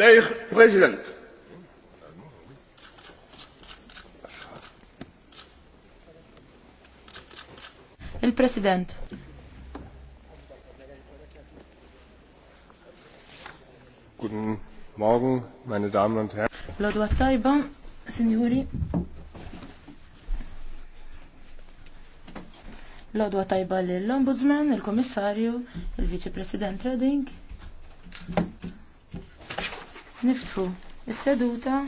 Deħ President. Il-President. Guten Morgen, meine Damen und Herren. Lodwa tajba, signori. Lodwa tajba l-Ombudsman, il-Kommissarju, il-Vice President Reding niftħu is-seduta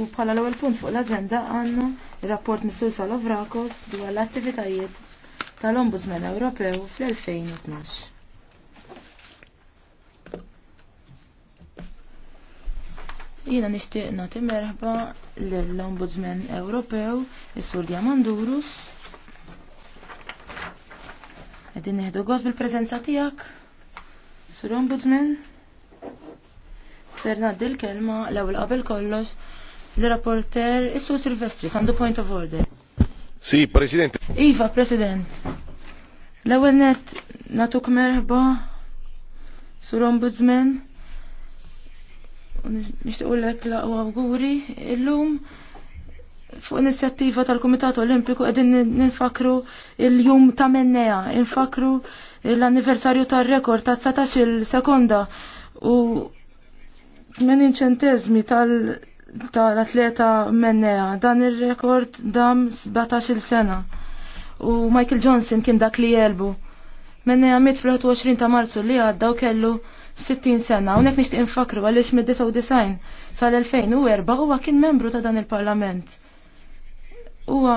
u bħala l-ewwel punt fuq l-aġenda għandna ir-rapport mis-Sur Salavrakos dwar l-attivitajiet tal-Ombudsman Ewropew fl-2012. Jiena nixtieq nagħti merħba lill-Ombudsman Ewropew, is-Sur Diamandurus. Qegħdin neħdu gost bil prezenza tiegħek, Sur Ombudsman ser naddi l-kelma l-ewwel qabel kollox l-rapporter Issu Silvestri sandu point of order. Si, President. Iva, President. L-ewwel net natuk merħba sur Ombudsman. l-ek laqwa awguri illum fuq inizjattiva tal-Kumitat Olimpiku qegħdin ninfakru il-jum ta' mennea, infakru l-anniversarju tar-rekord ta' 19 il-sekonda u 80 ċentezmi tal-atleta Mennea. Dan il-rekord dam 17 sena. U Michael Johnson kien dak li jelbu. Mennea mit fl-21 ta' marzu li għadda u kellu 60 sena. Unek nishtiq infakru għalix mid-99 sal-2004 huwa kien membru ta' dan il-parlament. Huwa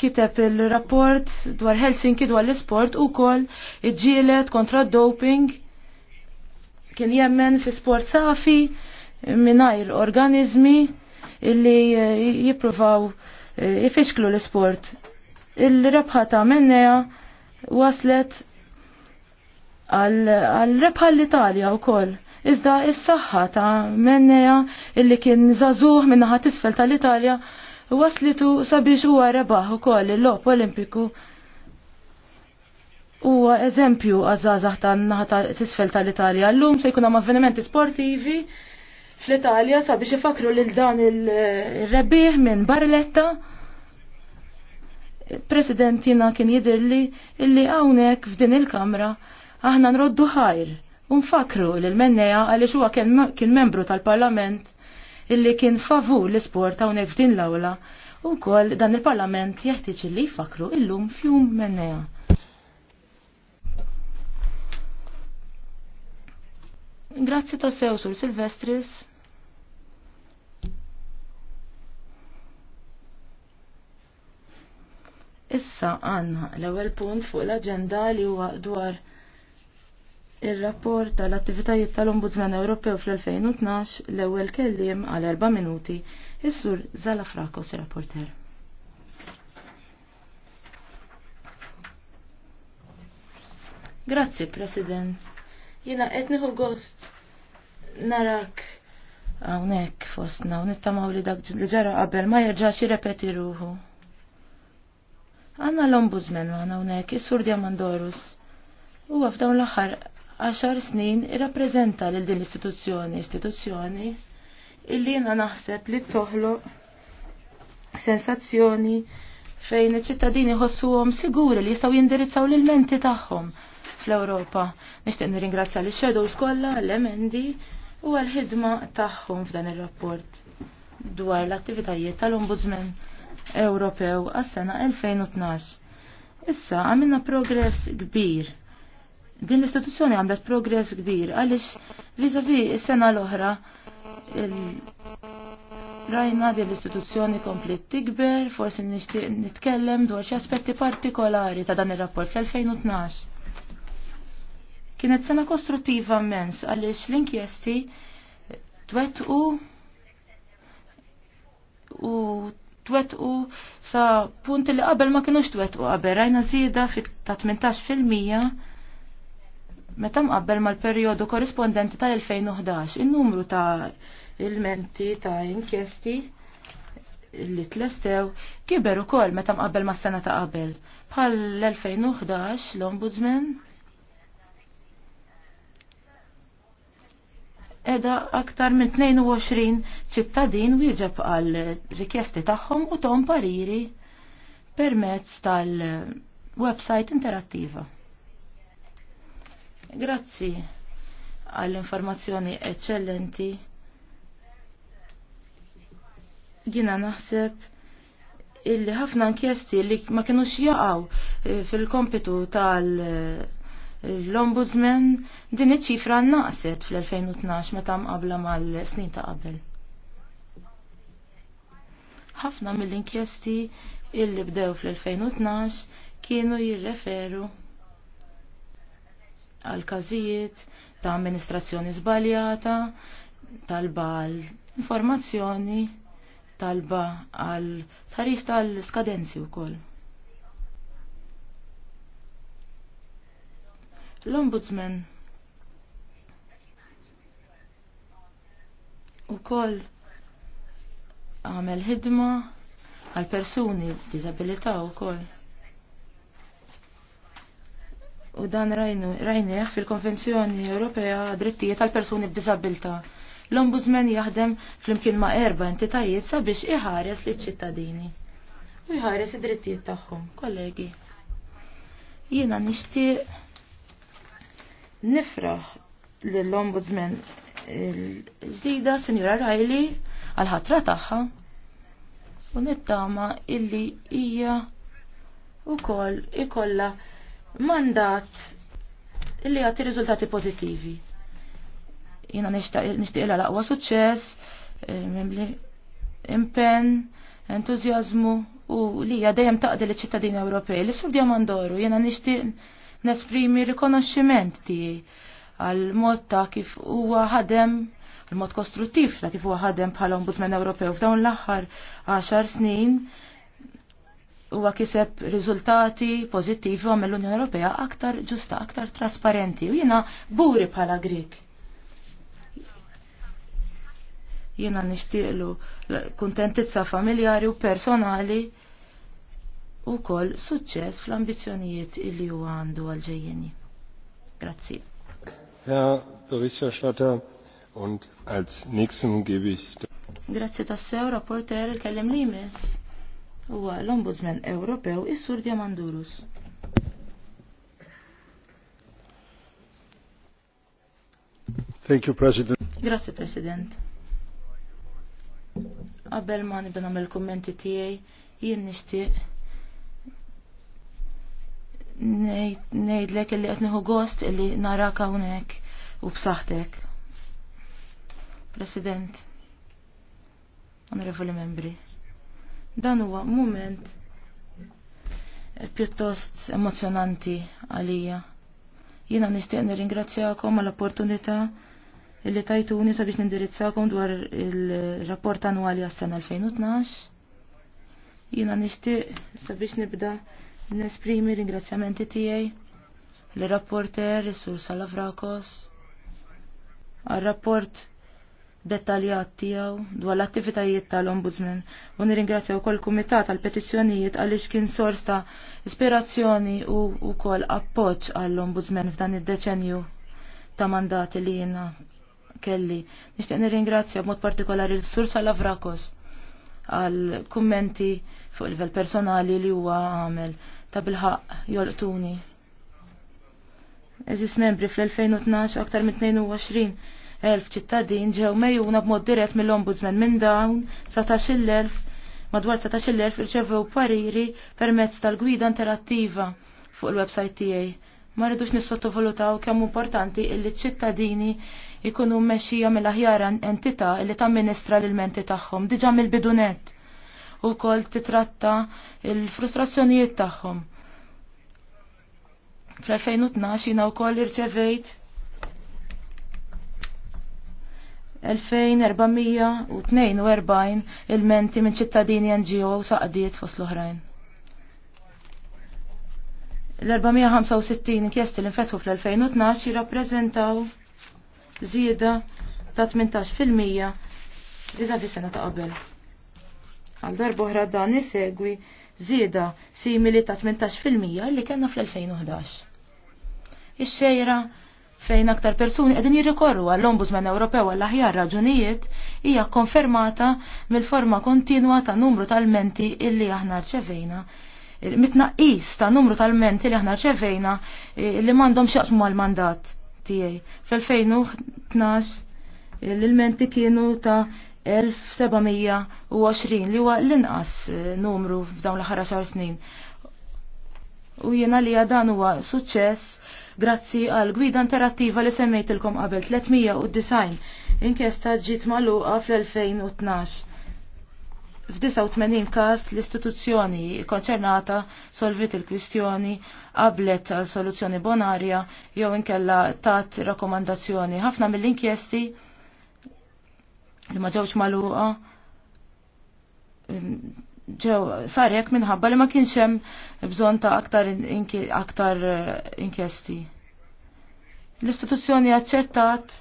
kiteb il-rapport dwar Helsinki dwar l-sport u kol iġġielet kontra doping kien jemmen fi sport safi minajr organizmi illi eh, jipruvaw eh, jifixklu l-sport. Il-rebħa ta' mennea waslet għal-rebħa l-Italja u koll. Iżda s saħħa ta' mennea illi kien zazuħ minnaħat isfel tal-Italja waslitu sabiex huwa rebaħ ukoll il-lop olimpiku huwa eżempju għażażaħ tan-naħa tisfel tal-Italja. Llum se jkun hemm avvenimenti sportivi fl-Italja sabiex ifakru lil dan il-rebbieħ minn Barletta. President kien jidirli illi hawnhekk f'din il-Kamra aħna nroddu ħajr u nfakru lil menneja għaliex huwa kien membru tal-Parlament illi kien favur l-isport hawnhekk f'din l-awla u kol dan il-Parlament jeħtieġ illi jfakru illum fjum menneja. Grazzi ta' sew sur Silvestris. Issa għanna l-ewwel punt fuq l agenda li huwa dwar ir-rapport tal-attivitajiet tal-Ombudsman Ewropew fl-2012 l-ewwel kelliem għal erba' minuti is-sur Zala Frakos rapporter. Grazzi, President. Jina etniħu gost narak għawnek fostna u li dak li ġara qabel ma jirġax jirrepeti ruħu. Għanna l-ombudsman għana unek, il-sur Diamandorus. U f'dawn l-axar 10 snin irrapprezenta lil din l-istituzzjoni, istituzzjoni illi jina naħseb li toħloq sensazzjoni fejn iċ-ċittadini ħossuhom siguri li jistgħu jindirizzaw l-menti tagħhom fl-Ewropa. Nixtieq nirringrazzja li shadows kollha l-emendi u għal-ħidma tagħhom f'dan ir-rapport dwar l-attivitajiet tal-Ombudsman Ewropew għas-sena 2012. Issa għamilna progress kbir. Din l-istituzzjoni għamlet progress kbir għaliex viżavi is-sena l-oħra rajna din l-istituzzjoni komplet tikber, forsi nixtieq nitkellem dwar xi aspetti partikolari ta' dan ir-rapport fl-2012. Kienet sena kostruttiva mens għaliex l-inkjesti twettqu u twettqu sa punti li qabel ma kienux twettqu qabel rajna żieda fit ta' 18% meta mqabbel mal-perjodu korrispondenti tal-2011 in-numru ta' il-menti ta' inkjesti li tlestew kiber ukoll meta mqabbel mas-sena ta' qabel. Bħal l-2011 l-Ombudsman edha aktar minn 22 ċittadin wieġeb għal rikjesti tagħhom u tom pariri permezz tal-website interattiva. Grazzi għall-informazzjoni eccellenti. Gina naħseb illi ħafna inkjesti li ma kienux jaqaw eh, fil-kompitu tal- l-Ombudsman din iċ-ċifra naqset fl-2012 meta mqabla mal-snin ta' qabel. Ħafna mill-inkjesti illi bdew fl-2012 kienu jirreferu għal każijiet ta' amministrazzjoni żbaljata, talba għal informazzjoni, talba għal tarista għal skadenzi wkoll. L-Ombudsman u koll għamel ħidma għal persuni b'disabilità u koll. U dan rajnu, fil-Konvenzjoni Ewropea drittijiet għal persuni b'disabilità. L-Ombudsman jaħdem flimkien ma' erba entitajiet sabiex iħares li ċittadini. U iħares id-drittijiet tagħhom, kollegi. Jiena nixtieq Nifraħ l-Ombudsman l-ġdida, Sinjura Riley, għal-ħatra tagħha u nittama illi hija wkoll ikolla mandat illi jagħti riżultati pożittivi. Jiena nixtieq ilha laqwa suċċess eh, mimli impenn, entużjażmu u li hija dejjem taqdi liċ-ċittadini Ewropej. s istudja mandoru jiena nixtieq nesprimi rikonoxximent tiegħi għal mod ta' kif huwa ħadem il-mod kostruttiv ta' kif huwa ħadem bħala Ombudsman Ewropew f'dawn l-aħħar 10 snin huwa kiseb riżultati pożittivi għamel l-Unjoni Ewropea aktar ġusta, aktar trasparenti u jiena buri bħala grik. Jiena nixtieqlu kuntentizza familjari u personali u kol suċċess fl-ambizjonijiet illi ju għandu għal-ġejjeni. Grazzi. Herr Berichterstatter, und als nächsten gebe ich... Grazzi tassew, rapporter, kellem limes. U Huwa l-Ombudsman Ewropew is-Sur Diamandurus. Thank you, President. Grazie, President. Qabel ma nibda nagħmel kummenti tiegħi, jien nixtieq nejdlek illi qed nieħu gost illi narak hawnhekk u b'saħħtek. President, onorevoli membri, dan huwa moment pjuttost emozjonanti għalija. Jiena nixtieq nirringrazzjakom għall-opportunità illi tajtuni sabiex nindirizzakom dwar il-rapport annwali għas-sena 2012. Jiena nixtieq sabiex nibda' Nesprimi ringrazzjamenti tiegħi l-rapporter Sur Salavrakos għal-rapport dettaljat tiegħu dwar l-attivitajiet tal-Ombudsman u nirringrazzja wkoll kumitat tal petizzjonijiet għaliex kien sors ta' ispirazzjoni u wkoll appoġġ għall-Ombudsman f'dan id-deċenju ta' mandati li jiena kelli. Nixtieq nirringrazzja b'mod partikolari l-Sur Salavrakos għal kummenti fuq il-vel personali li huwa għamel ta' bilħaq jolqtuni. Eżis membri fl-2012 aktar minn 22.000 elf ċittadin ġew mejjuna b'mod dirett mill-ombudsman minn dawn 17,000 madwar 17,000 irċevew pariri permezz tal-gwida interattiva fuq il-website tiegħi. Ma rridux nissottovalutaw kemm importanti illi ċittadini jkunu mmexxija mill-aħjar entità li tamministra l-menti tagħhom diġà mill-bidunet u kol titratta il-frustrazzjonijiet tagħhom. Fl-2012 jina u kol irċevejt 2442 il-menti minn ċittadini NGO saqdiet fost l-oħrajn. L-465 inkjesti li nfetħu fl-2012 jirrappreżentaw zieda ta' 18% vis-à-vis sena ta' qabel. Għal darboħra dan isegwi zieda simili ta' 18% li kena fl-2011. Ix-xejra fejn aktar persuni qegħdin jirrikorru għall-Ombudsman Ewropew għall aħjar raġunijiet hija konfermata mill-forma kontinwa ta' numru tal-menti illi aħna rċevejna mitnaqis ta' numru tal-menti li aħna rċevejna eh, li m'għandhom xaqsmu għal-mandat tiegħi. Fl-2012 eh, l-menti kienu ta' 1720 li huwa l-inqas eh, numru f'dawn l-aħħar xar snin. U jiena li dan huwa suċċess grazzi għal gwida interattiva li semmejtilkom qabel 390 inkjesta ġiet magħluqa fl-2012. F'89 każ l-istituzzjoni konċernata solvit il-kwistjoni qablet għal soluzzjoni bonarja jew inkella tat rakkomandazzjoni. Ħafna mill-inkjesti li ma ġewx maluqa ġew sar hekk minħabba li ma kienx hemm bżonn ta' aktar inki, aktar eh, inkjesti. L-istituzzjoni aċċettat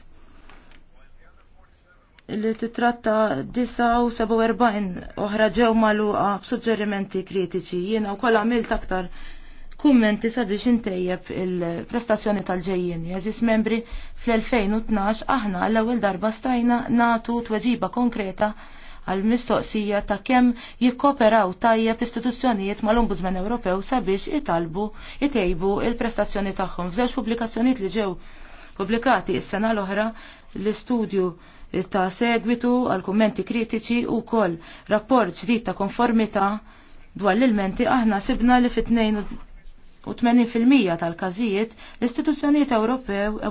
li titratta 49 oħra ġew maluqa b'suġġerimenti kritiċi. Jiena wkoll għamilt aktar kummenti sabiex intejjeb il-prestazzjoni tal ġejjien Jażis membri fl-2012 aħna l-ewwel darba stajna natu tweġiba konkreta għal mistoqsija ta' kemm jikkoperaw tajjeb istituzzjonijiet mal-Ombudsman Ewropew sabiex italbu itejbu il-prestazzjoni tagħhom. F'żewġ pubblikazzjonijiet li ġew pubblikati is-sena l-oħra l-istudju ta' segwitu għal kummenti kritiċi u koll rapport ġdid ta' konformità dwar l-ilmenti aħna sibna li fit-2 u 80% tal-każijiet l-istituzzjonijiet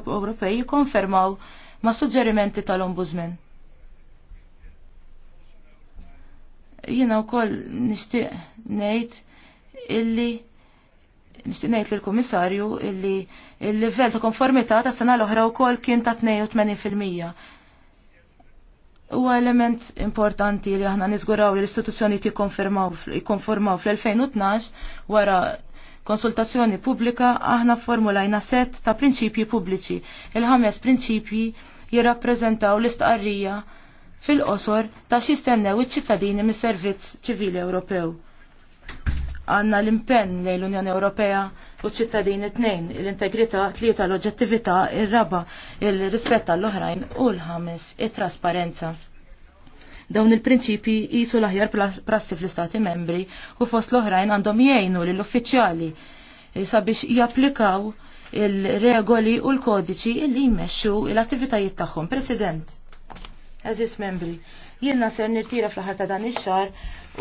Ewropej jikkonfermaw ma' suġġerimenti tal-Ombudsman. Jiena wkoll nixtieq ngħid illi nixtieq ngħid lill-Kummissarju illi l-livell ta' konformità ta' sena l-oħra wkoll kien ta' 82%. Huwa element importanti li aħna niżguraw li l-istituzzjoni jikkonformaw fl-2012 wara konsultazzjoni pubblika aħna formulajna set ta' prinċipji pubbliċi. Il-ħames prinċipji jirrappreżentaw l-istqarrija fil-qosor ta' xistennew iċ-ċittadini mis-servizz ċivili Ewropew. Għanna l-impenn lejn l-Unjoni Ewropea u ċittadini tnejn, l-integrità tlieta l-oġettività, ir-raba, il-rispett l oħrajn u l-ħames it-trasparenza. Dawn il-prinċipi jisu l-aħjar prassi fl-istati membri u fost l-oħrajn għandhom jgħinu l-uffiċjali eh, sabiex japplikaw il-regoli u l-kodiċi li jmexxu l-attivitajiet tagħhom. President, eżis membri, jiena ser nirtira fl-ħar ta' dan ix-xar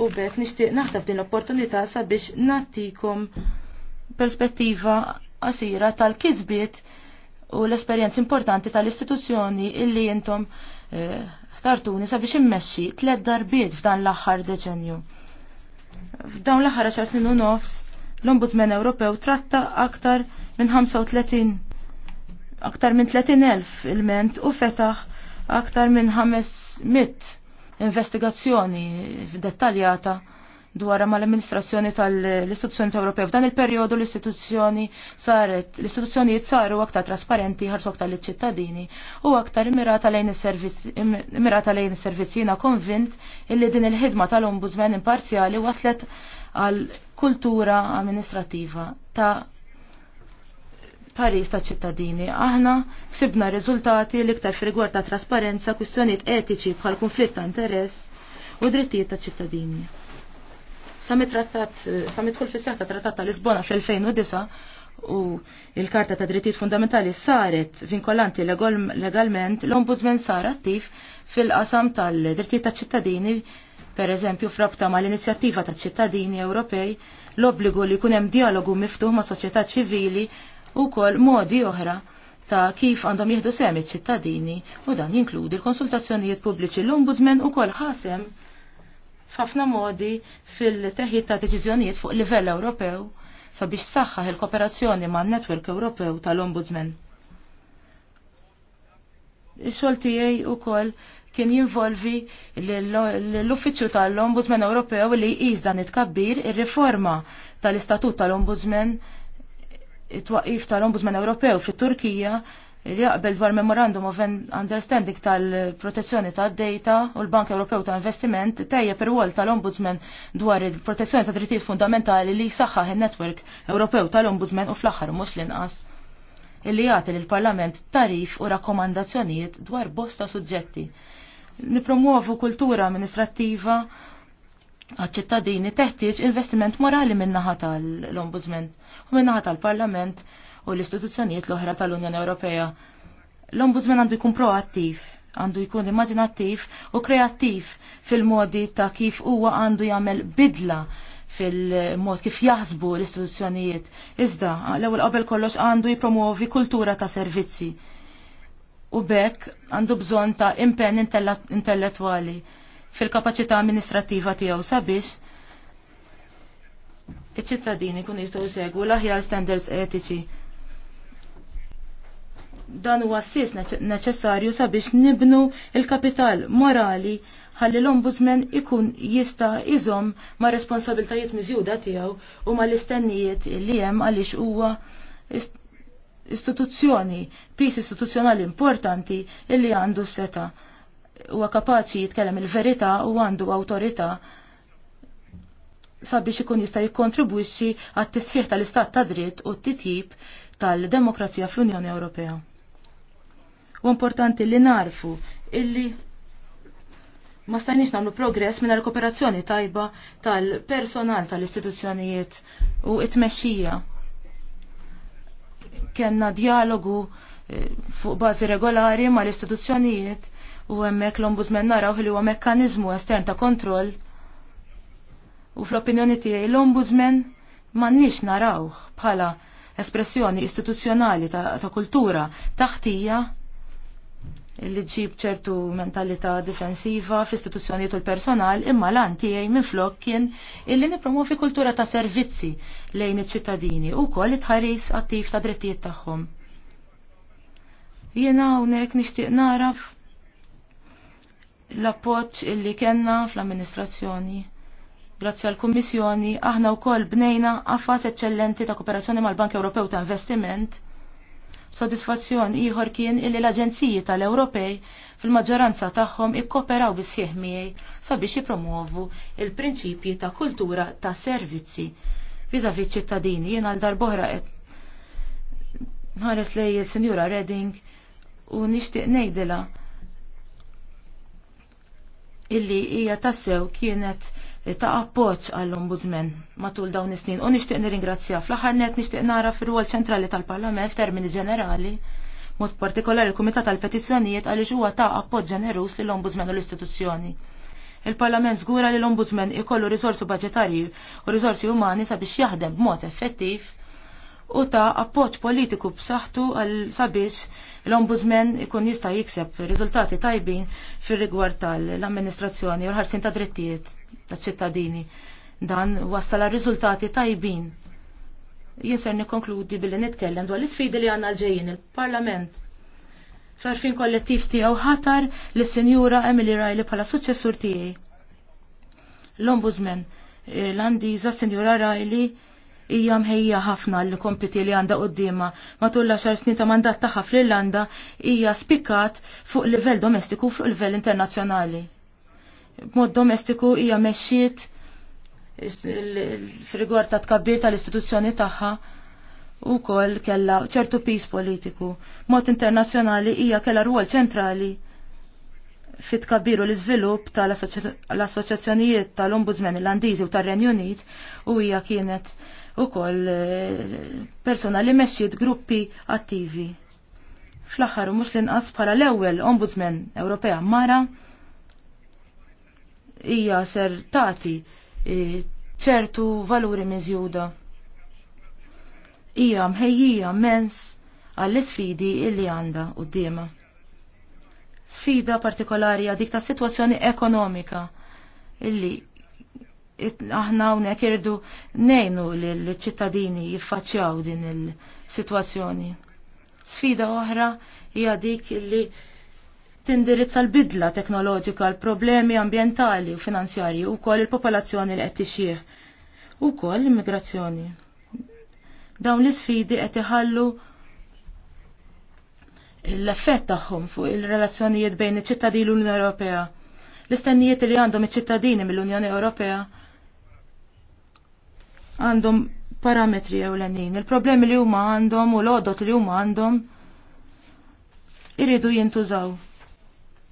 u bet nixtieq naħtaf din l-opportunità sabiex nattikom perspettiva qasira tal-kisbiet u l-esperjenzi importanti tal-istituzzjoni illi intom. eh, tartuni sabiex immexxi tliet darbiet f'dan l-aħħar deċenju. F'dawn l-aħħar 10 snin u nofs, l-Ombudsman Ewropew tratta aktar minn 35 aktar minn 30.000 il-ment u fetaħ aktar minn 500 investigazzjoni dettaljata dwar mal-amministrazzjoni tal-istituzzjoni Ewropea. F'dan il-perjodu l-istituzzjoni saret, l-istituzzjonijiet saru aktar trasparenti ħarsok tal-ċittadini u aktar mirata lejn is-servizzi jiena konvint illi din il-ħidma tal-ombudsman imparzjali waslet għal kultura amministrativa ta' taris ta' ċittadini. Aħna ksibna riżultati l-iktar frigwar ta' trasparenza, kwistjoniet etiċi bħal konflitt ta' interess u drittijiet ta' ċittadini. Sa mitħol fis-seħħ ta' Trattat ta' Lisbona fl-2009 u il-Karta ta' Drittijiet Fundamentali saret vinkolanti legalment l-Ombudsman sar attiv fil-qasam tal-drittijiet ta' ċittadini per eżempju frabta ma l-inizjattiva ta' ċittadini Ewropej l-obbligu li kunem dialogu miftuħ ma' soċjetà ċivili u kol modi oħra ta' kif għandhom jieħdu semi ċittadini u dan jinkludi l-konsultazzjonijiet pubbliċi l-Ombudsman u kol ħasem f'ħafna modi fil-teħid ta' deċiżjonijiet fuq livell Ewropew sabiex saħħaħ il-kooperazzjoni ma' netwerk Ewropew tal-Ombudsman. Ix-xogħol tiegħi wkoll kien jinvolvi l-Uffiċċju tal-Ombudsman Ewropew li jqis dan it-kabbir ir-riforma tal-Istatut tal-Ombudsman it-twaqif tal-Ombudsman Ewropew fit-Turkija li jaqbel dwar Memorandum of Understanding tal-protezzjoni tad data u l-Bank Ewropew ta' Investiment tejja per wol tal-Ombudsman dwar il-protezzjoni ta' drittijiet fundamentali li saħħaħ il-Network Ewropew tal-Ombudsman u fl-aħħar mhux l-inqas illi jagħti lill-Parlament tarif u rakkomandazzjonijiet dwar bosta suġġetti. Nipromuovu kultura amministrattiva għad-ċittadini teħtieġ investiment morali minnaħa tal-Ombudsman u minnaħa tal-Parlament u l-istituzzjonijiet l-oħra tal-Unjoni Ewropea. L-Ombudsman għandu jkun proattiv, għandu jkun immaġinattiv u kreattiv fil-modi ta' kif huwa għandu jagħmel bidla fil-mod kif jaħsbu l-istituzzjonijiet. Iżda, l-ewwel qabel kollox għandu jipromuovi kultura ta' servizzi. U bekk għandu bżonn ta' impenn intellettwali fil kapaċità amministrativa tiegħu sabiex iċ-ċittadini kun jistgħu jsegwu l-aħjar standards etiċi dan huwa assis neċessarju sabiex nibnu il-kapital morali ħalli l-ombudsman ikun jista iżom ma' responsabiltajiet miżjuda tiegħu u ma' l-istennijiet li hemm għaliex huwa istituzzjoni, pis istituzzjonali importanti illi għandu seta huwa kapaċi jitkellem il-verità u għandu awtorità sabiex ikun jista' jikkontribwixxi għat-tisħiħ tal-istat ta' dritt u t-titjib tal-demokrazija fl-Unjoni Ewropea. U importanti li narfu illi ma stajniex nagħmlu progress minna l-kooperazzjoni tajba tal-personal tal-istituzzjonijiet u it-mexxija. Kenna dialogu eh, fuq bażi regolari ma l-istituzzjonijiet u hemmhekk l-ombudsman naraw li huwa mekkaniżmu estern ta' kontroll u fl-opinjoni tiegħi l-ombudsman m'għandniex narawh bħala espressjoni istituzzjonali ta', ta kultura taħtija li ġib ċertu mentalità difensiva fl-istituzzjoni u l-personal imma lan tiegħi minn flok kien illi nipromovi kultura ta' servizzi lejn iċ-ċittadini u koll tħaris attiv ta' drittijiet tagħhom. Jiena hawnhekk nixtieq naraf l-appoġġ illi kellna fl-amministrazzjoni. Grazzi għal kummissjoni aħna wkoll bnejna qafas eċċellenti ta' kooperazzjoni mal-Bank Ewropew ta' Investiment Sodisfazzjon ieħor kien illi l-Aġenziji tal-Ewropej fil-maġġoranza tagħhom ikkoperaw bis-sieħ miegħi sabiex jipromuovu il-prinċipji ta' kultura ta' servizzi viżavi ċittadini jien għal darbohra qed nħares lej il-Sinjura Redding u nixtieq ngħidilha illi hija tassew kienet ta' appoċ għall-Ombudsman matul dawn is-snin u nixtieq nirringrazzja fl-aħħar net nixtieq nara fir-rwol ċentrali tal-Parlament f'termini ġenerali mod partikolari il-Kumitat tal-Petizzjonijiet għaliex huwa ta' appoġġ ġenerus lill ombudsman u l-istituzzjoni. Il-Parlament żgura li l-Ombudsman ikollu riżorsi budġetarji u riżorsi umani sabiex jaħdem b'mod effettiv u ta' appoġġ politiku b'saħħtu għal sabiex l-Ombudsman ikun jista' jikseb riżultati tajbin fir-rigward tal-amministrazzjoni u l-ħarsin ta' drittijiet taċ-ċittadini. Dan wassal għal riżultati tajbin. Jinser nikkonkludi billi nitkellem dwar l-isfidi li għandna l-ġejjin il-Parlament fl kollettiv tiegħu ħatar lis sinjura Emily Riley bħala suċċessur tiegħi. L-Ombudsman Irlandiża Sinjura Riley hija mħejja ħafna l kompiti li għandha qudiema matul l għaxar snin ta' mandat tagħha fl-Irlanda hija spikkat fuq livell domestiku fuq livell internazzjonali. Mod domestiku hija mexxiet fil-rigward ta' tkabbir tal-istituzzjoni tagħha u kol kella ċertu pis politiku. Mod internazzjonali hija kella rwol ċentrali fit u l-izvilup tal-assoċjazzjonijiet tal-Ombudsman Irlandiżi u tar-Renju Unit u hija kienet u koll eh, persona li meċċiet gruppi attivi. Fl-axar u mux l-inqas bħala l-ewel ombudsman Ewropea Mara hija ser tati eh, ċertu valuri miżjuda. Hija mħejjija mens għall-sfidi illi għanda u d-dima. Sfida partikolari għadik ta' situazzjoni ekonomika illi aħna hawnhekk irdu nejnu l ċittadini jiffaċċjaw din il-sitwazzjoni. Sfida oħra hija dik li tindirizza l-bidla teknoloġika l-problemi ambientali u finanzjarji u koll il-popolazzjoni li qed tixjih u koll l-immigrazzjoni. Dawn l-isfidi qed iħallu l-effett tagħhom fuq il-relazzjonijiet bejn iċ-ċittadini l-Unjoni Ewropea. L-istennijiet li għandhom iċ-ċittadini mill-Unjoni Ewropea għandhom parametri ewlenin. Il-problemi li huma għandhom u l odot li huma għandhom irridu jintużaw.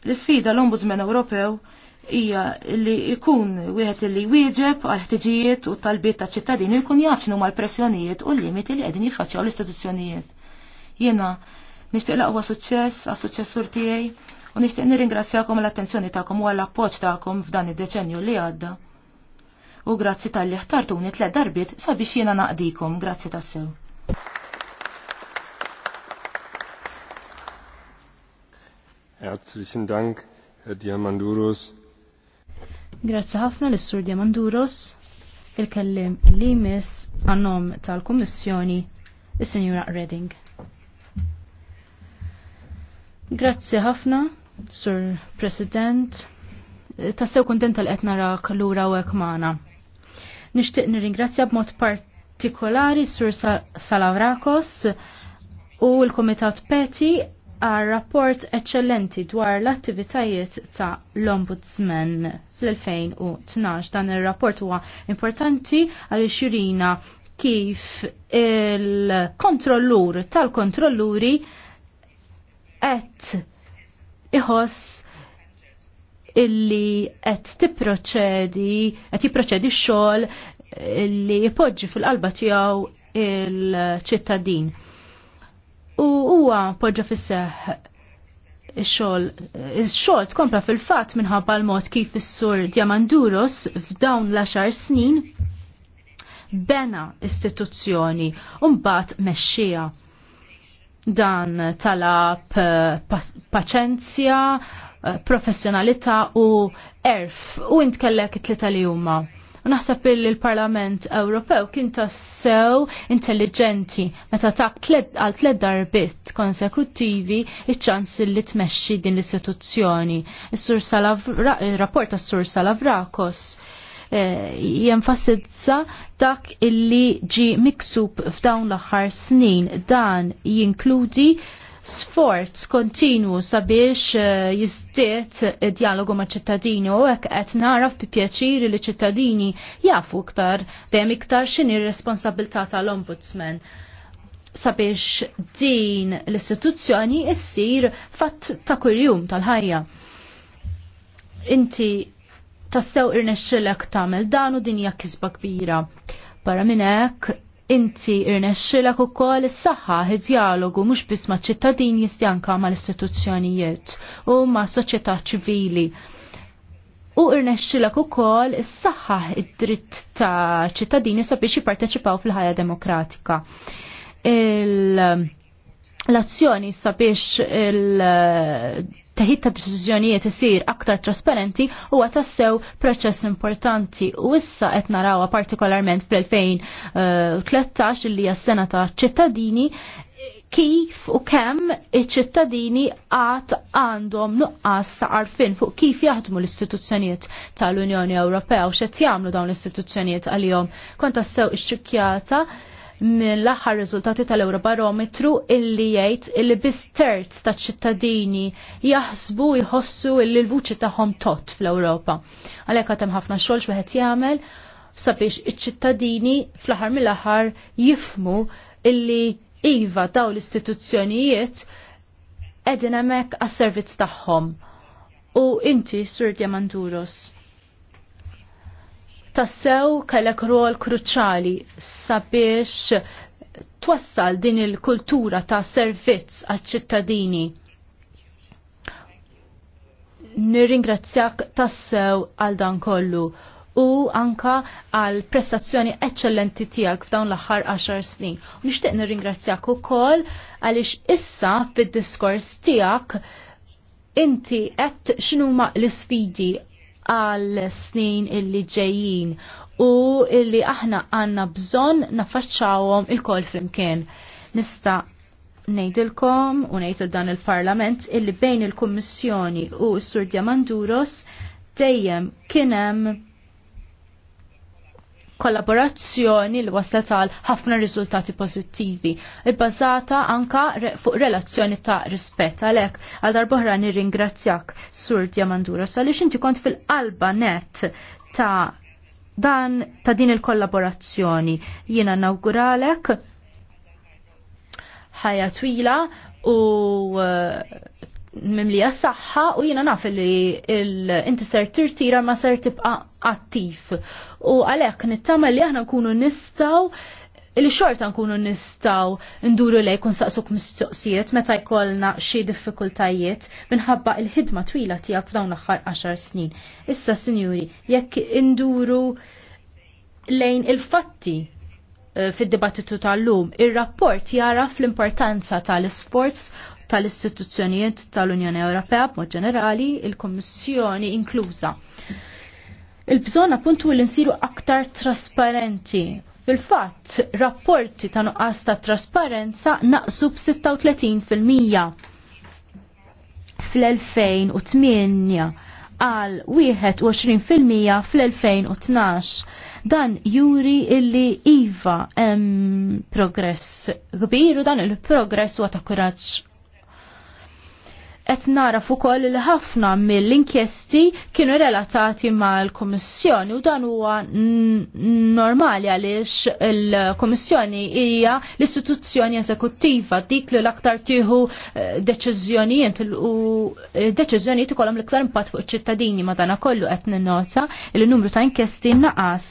L-sfida l-Ombudsman Ewropew hija li jkun wieħed li wieġeb għal ħtiġijiet u talbiet ta' ċittadini jkun jaf x'inhu l-pressjonijiet u l-limiti li qegħdin jiffaċċjaw l-istituzzjonijiet. Jiena nixtieq laqwa suċċess għas suċċessur tiegħi u nixtieq nirringrazzjakom l-attenzjoni tagħkom u għall-appoġġ tagħkom f'dan id-deċenju li għadda u grazzi tal-li ħtartuni tlet darbit sabiex jiena naqdikom, grazzi tassew. Herzlichen Dank, Herr Diamanduros. Grazzi ħafna l-Sur Diamanduros, il-kellim li mis għannom tal-Kommissjoni, il-Senjura Redding. Grazzi ħafna, Sur President. Tassew kontent tal-etna ra kallura u ekmana. Nixtieq nirringrazzja b'mod partikolari Sur Salavrakos u l-Komitat Peti għal rapport eccellenti dwar l-attivitajiet ta' l-Ombudsman fl-2012. Dan il-rapport huwa importanti għal xirina kif il-kontrollur tal-kontrolluri qed iħoss illi qed tipproċedi, qed jipproċedi x-xogħol illi jpoġġi fil-qalba tiegħu il-ċittadin. U huwa poġġa fis-seħ x-xogħol tkompla fil fatt minħabba l-mod kif is-sur Diamanduros f'dawn l-10 snin bena istituzzjoni u mbagħad mexxija. Dan talab paċenzja, Eh, professjonalità u erf u int kellek it-tlita li huma. U naħseb il-Parlament Ewropew kien tassew intelligenti meta ta' għal tliet darbit konsekuttivi iċ-ċans li tmexxi din l-istituzzjoni. Il-rapport tas Sur Salavrakos eh, jenfasizza dak illi ġi miksub f'dawn l-aħħar snin dan jinkludi sforz kontinu sabiex eh, jistiet dialogu ma' ċittadini u hekk qed naraf bi pjaċiri li ċittadini jafu ktar dejjem iktar x'inhi r-responsabilità tal-Ombudsman sabiex din l-istituzzjoni issir fatt ta' kuljum tal-ħajja. Inti tassew irnexxilek tagħmel dan u din hija kisba kbira. Barra minn hekk inti irnexxilek ukoll is-saħħa dialogu mhux biss maċ-ċittadin jistjanka mal-istituzzjonijiet u ma' soċjetà ċivili. U irnexxilek ukoll is-saħħa id-dritt ta' ċittadini sabiex jipparteċipaw fil-ħajja demokratika. Il l-azzjoni sabiex il Taħit ta' deċiżjonijiet isir aktar trasparenti huwa tassew proċess importanti u issa qed narawha partikolarment fl-2013 li hija s-sena ta' ċittadini kif u kemm iċ-ċittadini għat għandhom nuqqas ta' arfin fuq kif jaħdmu l-istituzzjonijiet tal-Unjoni Ewropea u xed jagħmlu dawn l-istituzzjonijiet għalihom. Kont tassew ix-xikkjata mill-aħħar riżultati tal-Eurobarometru illi jgħid illi biss terz ta' ċittadini jaħsbu jħossu illi l-vuċi tagħhom tot fl-Ewropa. Għalhekk għad hemm ħafna xogħol x'wieħed jagħmel sabiex iċ-ċittadini fl-aħħar mill-aħħar jifmu illi iva daw l-istituzzjonijiet qegħdin għas-servizz tagħhom. U inti, Sur Diamanduros, tassew kellek rol kruċali sabiex twassal din il-kultura ta' servizz għal-ċittadini. Nirringrazzjak tassew għal dan kollu u anka għal prestazzjoni eccellenti tijak f'dawn l axar 10 snin. U nishtiq nirringrazzjak u kol għalix issa fid-diskors tijak inti għett xinu ma l-sfidi għal snin illi ġejjin u illi aħna għanna bżon nafacċawom il koll flimkien. Nista' ngħidilkom u ngħid dan il-Parlament illi bejn il-Kummissjoni u s-Sur Diamanduros dejjem kien hemm kollaborazzjoni li waslet għal ħafna riżultati pożittivi, ibbażata anka fuq relazzjoni ta' rispett għalhekk għal darbohra nirringrazzjak Sur Diamanduro. għaliex inti kont fil-qalba net ta' dan ta' din il-kollaborazzjoni. Jiena nawguralek ħajja twila u mimlija saħħa, u jina naf li inti ser tirtira ma ser tibqa attiv. U għalek nittama li aħna nkunu nistaw il-xorta nkunu nistaw nduru lej kun saqsuk mistoqsijiet meta jkollna xi diffikultajiet minħabba il-ħidma twila tiegħek f'dawn l-aħħar 10 snin. Issa, sinjuri, jekk induru lejn il-fatti eh, fid-dibattitu tal-lum, ir-rapport jara fl-importanza tal-sports tal-istituzzjonijiet tal-Unjoni Ewropea b'mod ġenerali, il-Kommissjoni inkluża. il bżonn appuntu li nsiru aktar trasparenti. Fil-fatt, rapporti ta' nuqqas ta' trasparenza naqsu b-36% fl-2008 għal 21% fl-2012. Dan juri illi IVA em, progress kbir u dan il-progress huwa ta' kuraġġ qed naraf ukoll li ħafna mill-inkjesti kienu relatati mal-Kummissjoni u dan huwa normali għaliex il-Kummissjoni hija l-istituzzjoni eżekuttiva dik li l-aktar tieħu eh, deċiżjonijiet u eh, deċiżjonijiet ikollhom l-iktar impatt fuq iċ-ċittadini dana kollu qed ninnota li numru ta' inkjesti naqas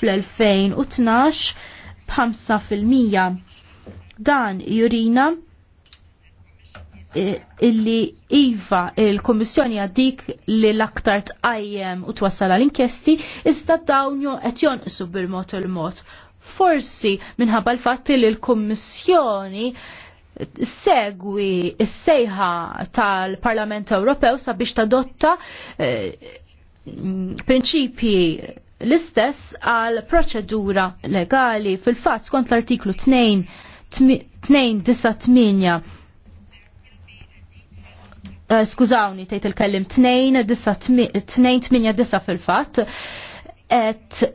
fl-2012 b'5 fil-mija. Dan jurina Eh, illi iva il-Kommissjoni għaddik li l-aktar tqajjem u twassal l-inkjesti, iżda dawn qed jonqsu bil-mod il-mod. Forsi minħabba l-fatt li l-Kommissjoni segwi s-sejħa tal-Parlament Ewropew sabiex tadotta eh, prinċipi l-istess għal proċedura legali fil-fatt skont l-artiklu 2 298 Eh, skużawni tgħid il-kellim tnejn disa 9 fil-fatt qed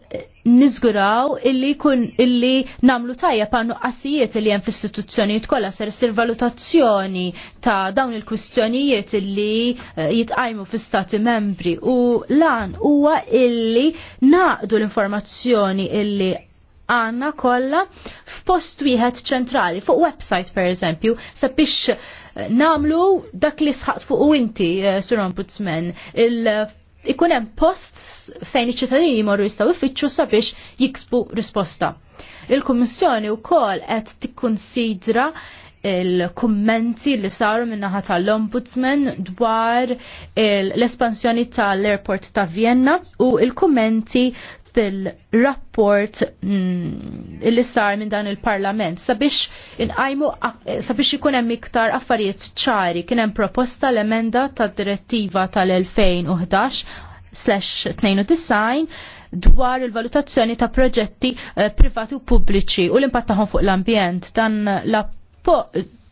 niżguraw illi kun illi namlu tajja pannu qasijiet li hemm fl-istituzzjonijiet kollha ser sir valutazzjoni ta' dawn il-kwistjonijiet illi eh, jitqajmu fl-istati membri u lan huwa illi naqdu l-informazzjoni illi għanna kollha f'post wieħed ċentrali fuq website per eżempju sabiex Eh, namlu dak li sħaqt fuq u inti, eh, Sur Ombudsman, il- eh, ikun hemm post fejn iċ-ċittadini jmorru jistgħu jfittxu sabiex jiksbu risposta. Il-Kummissjoni wkoll qed tikkunsidra il-kommenti li saru minnaħa tal-Ombudsman dwar l-espansjoni tal-Airport ta' Vienna u il-kommenti fil-rapport mm, il sar minn dan il-parlament sabiex inqajmu sabiex ikun hemm iktar affarijiet ċari kien hemm proposta l-emenda tad-direttiva tal-2011/92 dwar il-valutazzjoni ta' proġetti eh, privati u pubbliċi u l-impatt tagħhom fuq l-ambjent dan la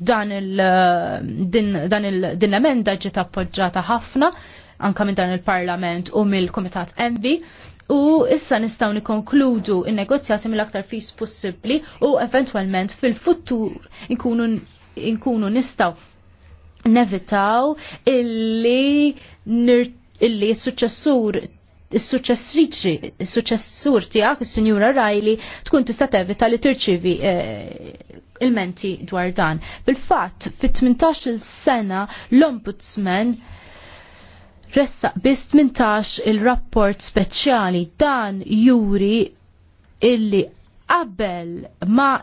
dan il-din eh, l-emenda ġiet appoġġata ħafna anka minn dan il-Parlament u mill-Kumitat Envi u issa nistaw nikonkludu il-negozjati mill-aktar fis possibli u eventualment fil-futur inkunu, nistaw nevitaw illi illi s-suċessur il-suċessriċi, il-suċessur tijak, il-Sinjura Riley, tkun tista' tevita li tirċivi eh, il-menti dwar dan. Bil-fatt, fit-18 sena l-Ombudsman ressaq biss mintax il-rapport speċjali dan juri illi qabel ma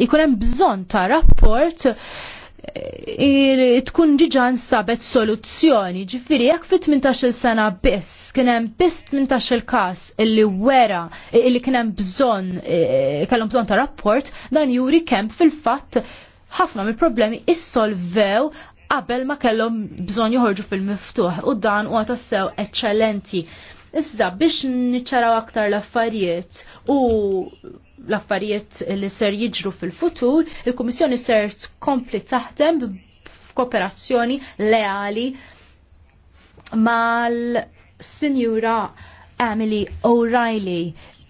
ikun hemm bżonn ta' rapport eh, tkun ġiġan sabet soluzzjoni, ġifiri, jekk fit 18 sena biss, kienem biss 18 kas illi wera, illi kienem bżon, eh, kellhom bżon ta' rapport, dan juri kem fil fatt ħafna mill problemi issolvew qabel ma kellhom bżonn joħorġu fil-miftuħ u dan huwa tassew eċċellenti. Iżda biex niċċaraw aktar l-affarijiet u l-affarijiet li ser jiġru fil-futur, il-Kummissjoni ser tkompli taħdem f'kooperazzjoni leali mal-Sinjura Emily O'Reilly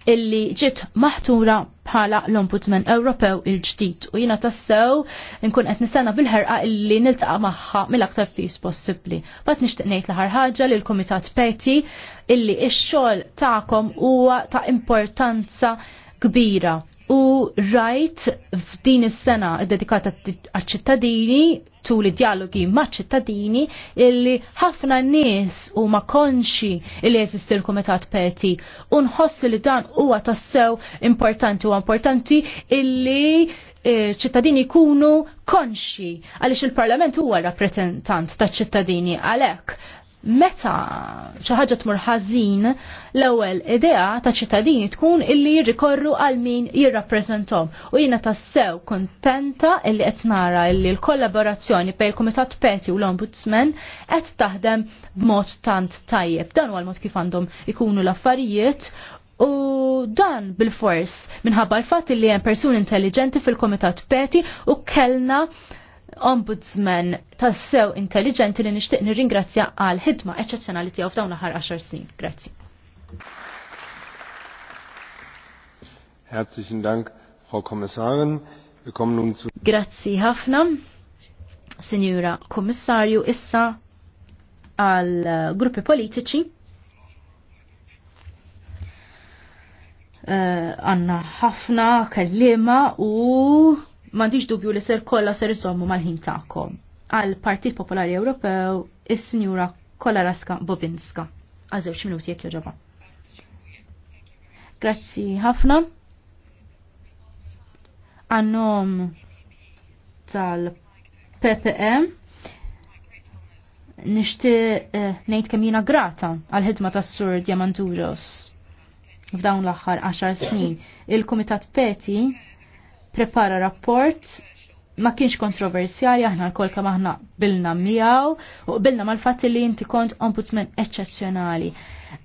illi ġiet maħtura bħala l-Ombudsman Ewropew il-ġdid u jina tassew nkun qed nistenna bil-ħerqa illi niltaqa' magħha mill-aktar fis possibbli. Bat nixtieq ngħid l-aħħar ħaġa lil kumitat Peti illi x-xogħol tagħkom huwa ta' importanza kbira u rajt f'din is-sena dedikata għal-ċittadini tul dialogi ma' ċittadini illi ħafna nies u ma' konxi illi jeżisti l-Kumitat Peti u nħossi li dan huwa tassew importanti u importanti illi eh, ċittadini jkunu konxi għaliex il-Parlament huwa rappresentant ta' ċittadini għalhekk meta xi ħaġa tmur ħażin l-ewwel idea ta' ċittadini tkun illi jirrikorru għal min jirrapprezentom. U jiena tassew kontenta illi qed nara illi l-kollaborazzjoni bejn il komitat Peti u l-Ombudsman qed taħdem b'mod tant tajjeb. Dan u għal mod kif għandhom ikunu l-affarijiet U dan bil-fors minħabba l-fat li hemm persuni intelligenti fil-Komitat Peti u kellna ombudsman tassew intelligenti li nishtiq nirringrazzja għal ħidma eċċezzjonali tiegħu f'dawn l-aħħar 10 snin. Grazzi. Herzlichen Dank, Frau Kommissarin. Wir kommen nun zu Grazzi ħafna, Sinjura Kommissarju, issa għal eh, gruppi politiċi. Eh, għanna uh, ħafna kellima u Mandiġ dubju li ser kolla ser iżommu mal-ħin taqkom. Għal Partit Popolari Ewropew, is-Sinjura Kolaraska Bobinska. Għazewċ minuti jek joġoba. Grazzi ħafna. Għannom tal-PPM nishti eh, nejt kem grata għal-ħidma tas sur Diamanturos f'dawn l axar 10 snin. Il-Komitat Peti prepara rapport ma kienx kontroversjali, aħna l kolka maħna aħna bilna miaw u bilna mal-fatti li inti kont ombudsman eccezzjonali.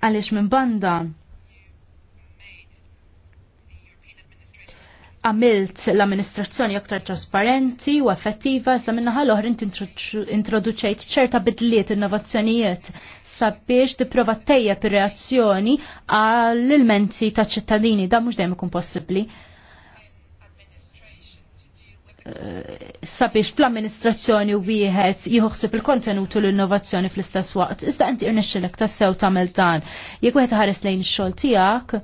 Għalix minn banda għamilt l-amministrazzjoni aktar trasparenti u effettiva, iżda minna l-oħra inti introduċejt ċerta bidliet innovazzjonijiet sabiex tipprova tejjeb ir-reazzjoni għall-ilmenti ta' ċittadini, da mhux dejjem ikun possibbli. Eh, sabiex fl-amministrazzjoni wieħed jħoħsib il-kontenut u l-innovazzjoni fl-istess waqt. Iżda inti irnexxilek tassew tagħmel dan. Jekk wieħed ħares lejn ix-xogħol tiegħek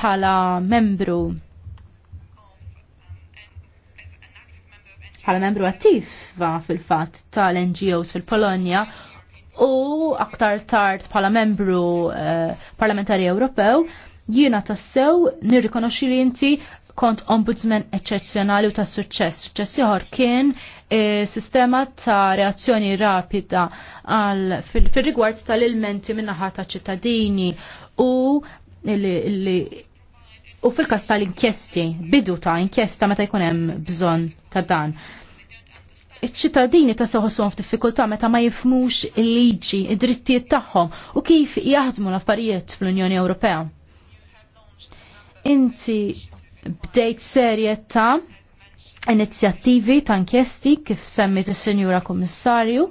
bħala membru bħala membru attiv fil-fatt tal-NGOs fil-Polonja u aktar tard bħala membru eh, parlamentari Ewropew jiena tassew nirrikonoxxi li inti kont ombudsman eccezzjonali u ta' suċċess. Suċċess ieħor kien e, sistema ta' reazzjoni rapida fil-rigward fil tal-ilmenti minnaħa ta' ċittadini u li, li u fil-kas tal-inkjesti, bidu ta' inkjesta meta jkun hemm bżonn ta' dan iċ-ċittadini ta' soħosom f'diffikultà meta ma jifmux il-liġi, id-drittijiet tagħhom u kif jaħdmu l-affarijiet fl-Unjoni Ewropea. Inti bdejt serje ta' inizjattivi ta' inkjesti kif semmit is senjura Kummissarju.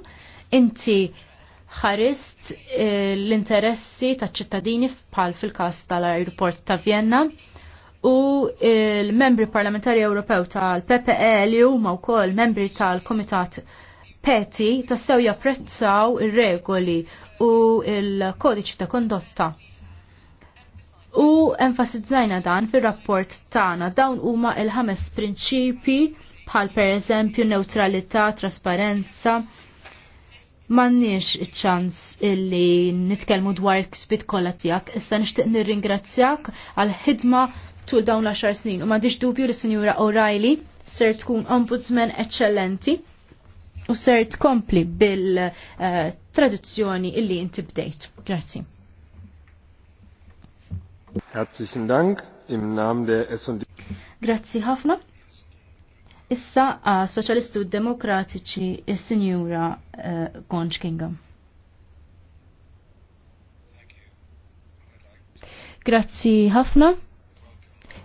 Inti ħarist eh, l-interessi ta' ċittadini bħal fil-kas tal-aeroport ta' Vienna u l-membri parlamentari Ewropew tal-PPE li huma wkoll membri tal-Komitat Peti tassew japprezzaw ir-regoli u l-kodiċi ta' kondotta U enfasizzajna dan fil-rapport tagħna dawn huma il-ħames prinċipi bħal per eżempju neutralità, trasparenza, Mannix iċ-ċans illi nitkellmu dwar ksbit kollha tiegħek, issa nixtieq nirringrazzjak għal ħidma tul dawn l-10 snin u m'għandix dubju li Sinjura O'Reilly ser tkun ombudsman eċċellenti u ser tkompli bil-tradizzjoni eh, illi inti bdejt. Grazzi. Herzlichen Dank im Namen der S&D. Grazzi ħafna. Issa għal Soċjalistu Demokratiċi is-Sinjura uh, eh, Gonch Grazzi ħafna.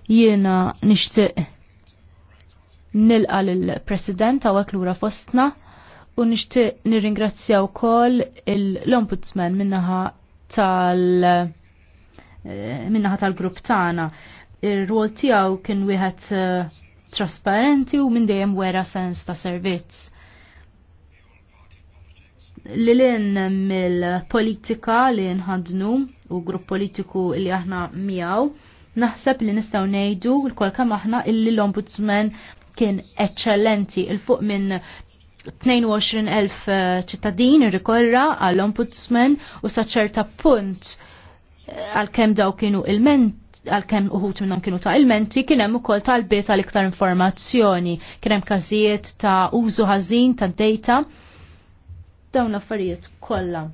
Jiena nixtieq nilqa il president għawek lura fostna u nixtieq nirringrazzjaw kol l-Ombudsman minnaħa tal- Eh, minnaħa tal-grupp tagħna. ir rwol tiegħu kien wieħed eh, trasparenti u minn dejjem wera sens ta' servizz li l mill-politika li nħadnu u grupp politiku li aħna miegħu naħseb li nistgħu ngħidu lkoll kemm aħna illi l-ombudsman kien eċċellenti il-fuq minn 22.000 eh, ċittadin irrikorra għall-ombudsman u saċerta punt għal-kem daw kienu il-ment għal-kem uħut minnom kienu ta' il-menti, kienem u kol tal-biet għal-iktar informazzjoni, kienem kazijiet ta' użu għazin, ta' data, dawn l-affarijiet kolla.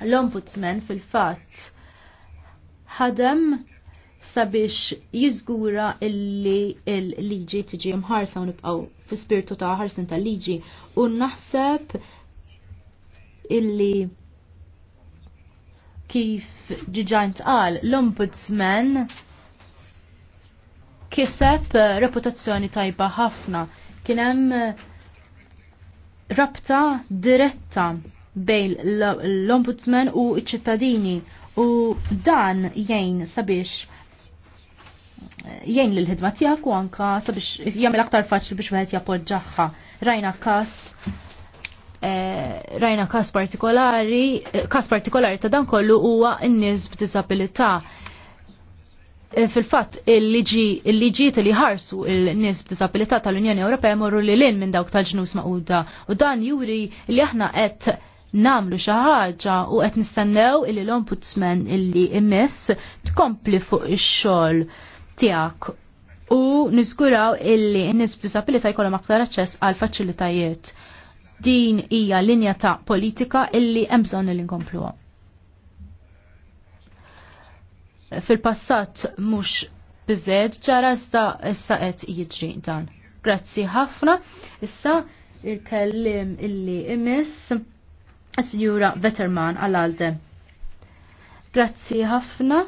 L-ombudsman fil-fat ħadem sabiex jizgura illi il-liġi tiġi mħarsa u nibqaw fi spiritu ta' ħarsin tal-liġi u naħseb illi kif ġiġant għal l-ombudsman kiseb eh, reputazzjoni tajba ħafna. Kien hemm eh, rabta diretta bejn l-ombudsman u ċ-ċittadini u dan jgħin sabiex eh, jgħin l-ħidma tiegħek u anka sabiex jagħmel aktar faċli biex wieħed jappoġġaħħa. Rajna każ Eh, rajna kas partikolari, eh, kas partikolari ta' dan kollu huwa n-nies b'disabilità. Eh, fil-fatt il-liġijiet li ħarsu il-nies b'disabilità tal-Unjoni Ewropea morru li lin minn dawk tal-ġnus maquda u dan juri li aħna qed namlu xi ħaġa u qed nistennew li l-Ombudsman illi immess tkompli fuq ix-xogħol tiegħek u niżguraw illi n-nies b'disabilità jkollhom aktar aċċess għal faċilitajiet din hija linja ta' politika illi hemm bżonn li nkompluha. Fil-passat mhux biżed ċara issa issa qed jiġri dan. Grazzi ħafna. Issa il-kellim illi imiss Sinjura Vetterman għal-Alde. Grazzi ħafna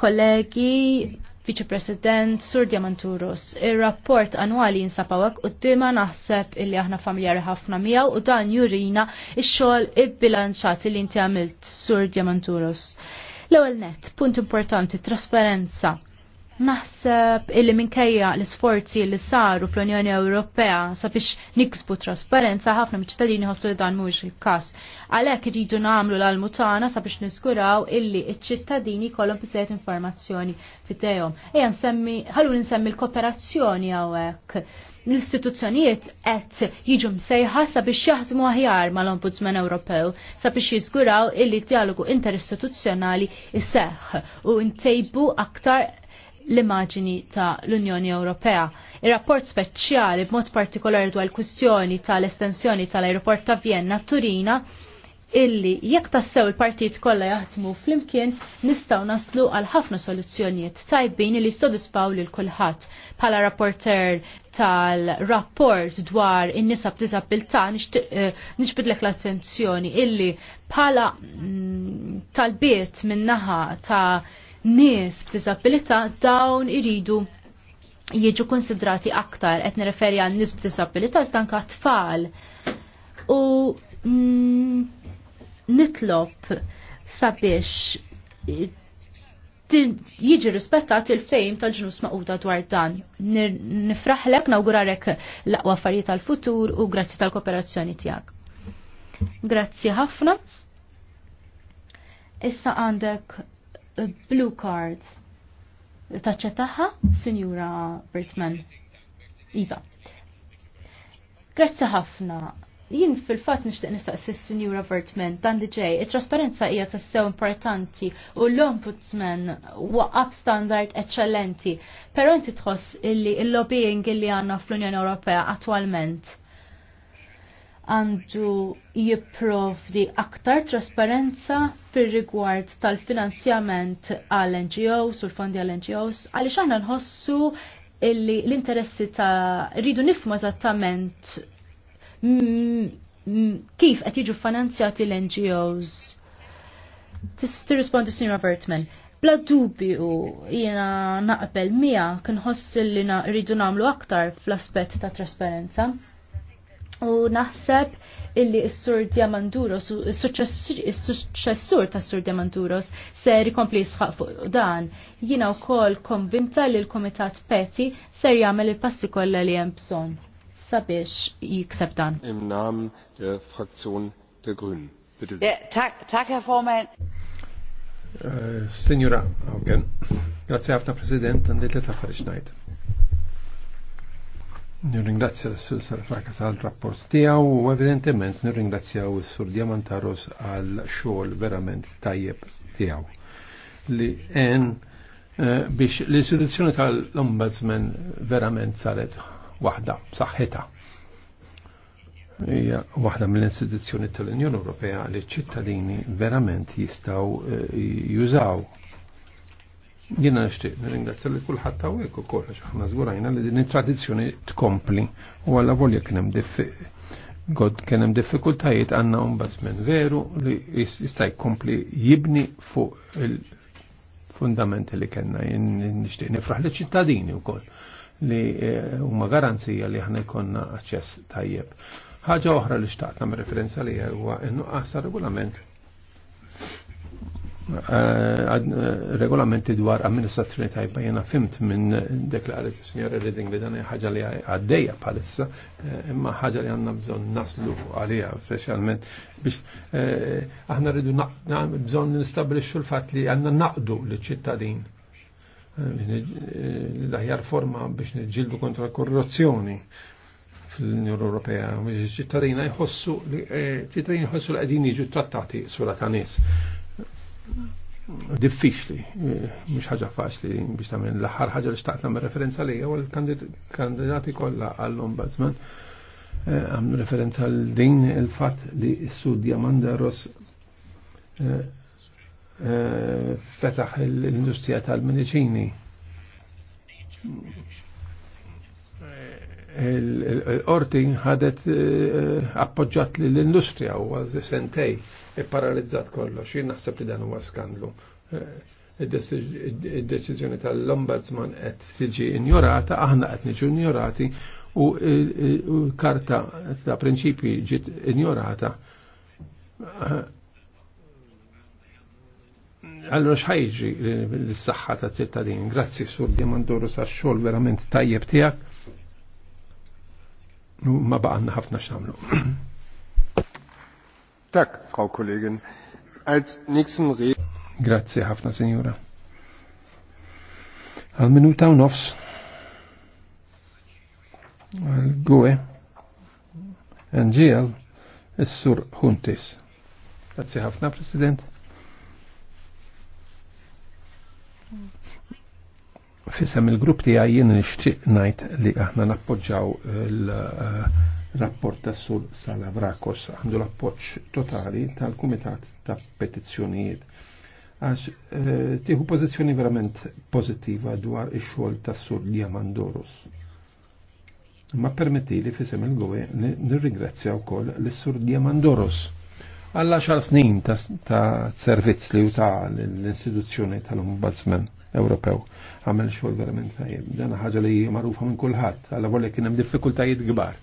kollegi Vice President Sur Diamanturus, il-rapport annwali jinsabawek u dima naħseb illi aħna familjari ħafna miegħu u dan jurina x xogħol ibbilanċat li inti għamilt Sur Diamanturus. L-ewwel net, punt importanti, trasparenza. Naħseb illi minkejja l-sforzi li saru fl-Unjoni Ewropea sabiex niksbu trasparenza ħafna mill-ċittadini ħossu li dan mhux il-każ. Għalhekk iridu nagħmlu l tagħna sabiex niskuraw illi ċ-ċittadini jkollhom biżejjed informazzjoni fidejhom. Ejja nsemmi ħallu nsemmi l-kooperazzjoni hawnhekk. L-istituzzjonijiet qed jiġu msejħa sabiex jaħdmu aħjar mal-Ombudsman Ewropew sabiex jiżguraw illi d-dialogu interistituzzjonali iseħħ u ntejbu aktar l-immaġini ta' l-Unjoni Ewropea. Ir-rapport speċjali b'mod partikolari dwar kwistjoni tal-estensjoni tal-aeroport ta' Vienna Turina illi jekk tassew il-partijiet kollha jaħdmu flimkien nistgħu naslu għal ħafna soluzzjonijiet tajbin li jistodispaw lil kulħadd. Bħala rapporter tal-rapport dwar in-nisa b'diżabilità eh, nixbidlek l-attenzjoni illi bħala mm, tal-biet minnaħa ta' nies b'disabilità dawn iridu jiġu konsidrati aktar qed nirreferi għal nies b'disabilità stanka tfal. U mm, nitlob sabiex jiġi rispettat il fejm tal-ġnus maqquda dwar dan. Nifraħlek, nawgurarek l-aqwa affarijiet tal-futur u grazzi tal-kooperazzjoni tiegħek. Grazzi ħafna. Issa għandek blue card. Taċċettaħħa, Sinjura Bertman. Iva. Grazzi ħafna. Jien fil-fat nixtieq nistaqsi s-Sinjura Bertman dan diġej. It-trasparenza hija tassew importanti u l-Ombudsman waqaf standard eċċellenti. Però inti tħoss illi l-lobbying illi għandna fl-Unjoni Ewropea attwalment għandu jipprovdi aktar trasparenza fir rigward tal-finanzjament għal NGOs u l-fondi għal NGOs għaliex aħna nħossu l-interessi ta' rridu nifmu eżattament kif qed jiġu finanzjati l-NGOs. Tirrispondi Sinjora Bertman. Bla dubju jiena naqbel mija kien ħoss li rridu nagħmlu aktar fl-aspett ta' trasparenza. U naħseb illi s-sur Diamanduros, s-successur ta' s-sur Diamanduros ser jkompli jisħaq fuq dan. Jina u kol konvinta li l-Komitat Peti ser jagħmel il-passi kollha li hemm bżonn sabiex jikseb dan. Im nam de Fraktion der Tak, Herr Forman. Eh, signora Haugen, grazie ħafna President, għandi tliet affarijiet ngħid. Nirringrazzja s-Sur Sarfakas għal rapport tijaw u evidentement nirringrazzjaw s-Sur Diamantaros għal xogħol verament tajjeb tijaw. Li en eh, biex l-istituzzjoni tal-Ombudsman verament saret waħda, saħħeta. Ija wahda mill-istituzzjoni tal-Unjoni Ewropea li ċ-ċittadini verament jistgħu eh, jużaw Jena nishtiq, nirringrazzja li kullħat ta' għek u korra ċaħna zgurajna li din tradizjoni tkompli u għalla volja kienem God kienem diffikultajiet għanna ombudsman veru li jistaj kompli jibni fuq il-fundamenti li kena nishtiq nifraħ li ċittadini u koll li huma garanzija li ħna jkonna aċċess tajjeb. Ħaġa oħra li xtaqt nam referenza li huwa innuqqas regolament Eh, eh, regolamenti dwar amministrazzjoni tajba jena fimt minn deklaret signora Redding li dan ħaġa li għaddejja palissa eh, imma ħaġa li għanna bżon naslu għalija specialment biex aħna rridu bżon nistabilixxu l-fat li għanna naqdu li ċittadin l-aħjar forma biex nġildu kontra korruzzjoni fl-Unjoni Ewropea, ċittadina jħossu, ċittadina jħossu li għedin jiġu trattati sura ta' nies diffiċli, eh, mhux ħaġa faċli biex tagħmel l-aħħar ħaġa li xtaqt nagħmel referenza lejha u l-kandidati kollha għall-ombudsman eh, għamlu referenza l din il-fatt li s-Sudja Mandaros eh, fetaħ l-industrija tal-medicini l-orti ħadet appoġġat l-industrija u għaz sentej paralizzat kollo, xin naħseb li dan huwa skandlu. Eh, id deċizjoni tal-Ombudsman qed tiġi ignorata, aħna qed niġu ignorati eh, u karta ta' prinċipji ġiet ignorata. Allora xħajġi l-saxħa ta' ċittadin. Grazzi sur Diamandoro sa' xol verament tajjeb tijak. Ma baqanna ħafna xamlu. Tak, Frau Kollegin. Als nächsten Red... Grazie, ħafna, Signora. Għal minuta u nofs. Għal gwe. NGL. is Huntis. Grazie, ħafna, President. Fisem il-grupp tijaj għajjen nishtiq najt li aħna nappoġġaw il- uh, rapport sul sur Salavrakos għandu l-appoċ totali tal-Kumitat ta' Petizzjonijiet għax eh, tiħu pozizjoni pożizzjoni verament pożittiva dwar ix-xogħol tas sur Diamandorus. Ma permetti li fisem il-gwe nirringrazzja wkoll l-sur Diamandorus għalla xar snin ta', servizz li u ta' l-istituzzjoni tal-Ombudsman Ewropew. Għamel xogħol verament tajjeb. Dan ħaġa li magħrufa minn kulħadd, għalla volek kien hemm diffikultajiet kbar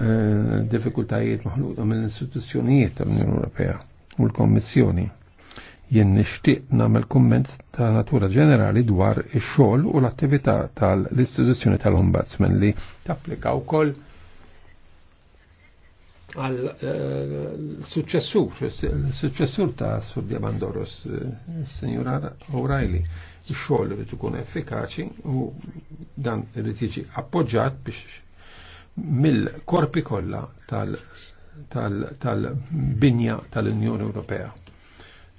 Eh, diffikultajiet maħluqa mill istituzzjonijiet tal-Unjoni Ewropea u l-Kommissjoni. Jien nixtieq nagħmel kumment ta' natura ġenerali dwar ix-xogħol u l-attività tal-istituzzjoni tal-Ombudsman li tapplika wkoll għal eh, successur, successur ta' Sur Diamandoros, eh, sinjura O'Reilly, xogħol li tkun effikaċi u dan irid jiġi appoġġat biex mill-korpi kollha tal-binja tal-Unjoni Ewropea.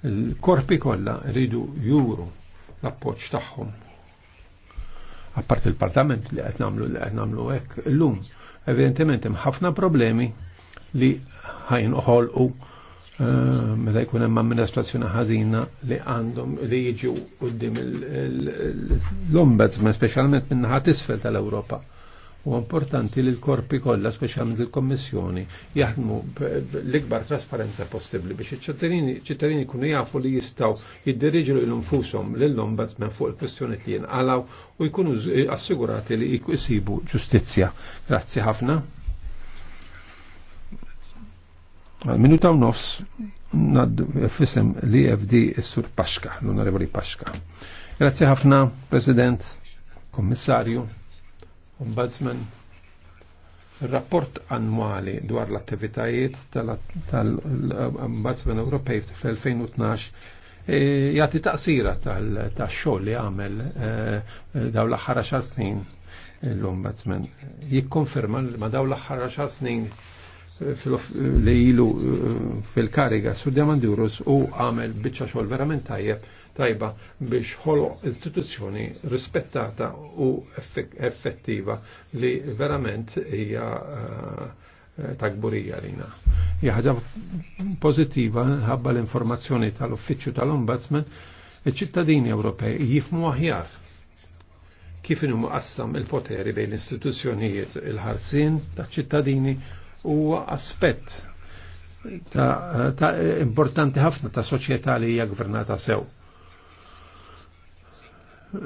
Il-korpi kollha rridu juru l-appoġġ tagħhom. Appart il-Parlament li qed nagħmlu li qed nagħmlu hekk illum, evidentement hemm ħafna problemi li ħajnħolqu eh, meta jkun hemm amministrazzjoni ħażina li għandhom li jiġu qudiem l-ombudsman speċjalment min naħa isfel tal-Ewropa U importanti li l-korpi kollha, speċjalment il-Kommissjoni, jaħdmu l-ikbar trasparenza possibbli biex iċ-ċittadini jkunu jafu li jistgħu jiddiriġu lil infushom lill-ombudsman fuq il kwestjoni li jinqalaw u jkunu assigurati li jsibu ġustizzja. Grazzi ħafna. Minu taw nofs, fissem li FD sur Paxka, l-onorevoli Paxka. Grazie ħafna, President, Kommissarju. Ombudsman, rapport annwali dwar l-attivitajiet tal-Ombudsman Ewropej fl-2012 e, jagħti taqsira tal-xogħol li għamel e, dawn l-aħħar xar snin l-Ombudsman. Jikkonferma li ma dawn l-aħħar xar snin e, li ilu fil-kariga Sudja Mandurus u għamel biċċa xogħol verament tajjeb tajba biex ħolo istituzzjoni rispettata u effettiva li verament hija eh, tagburija lina. Jaħda pozitiva ħabba l-informazzjoni tal-Uffiċċju tal-Ombudsman iċ-ċittadini Ewropej jifmu aħjar kif inhom qassam il-poteri bejn l-istituzzjonijiet il-ħarsin taċ-ċittadini huwa aspett ta', ta importanti ħafna ta' soċjetà li hija gvernata sew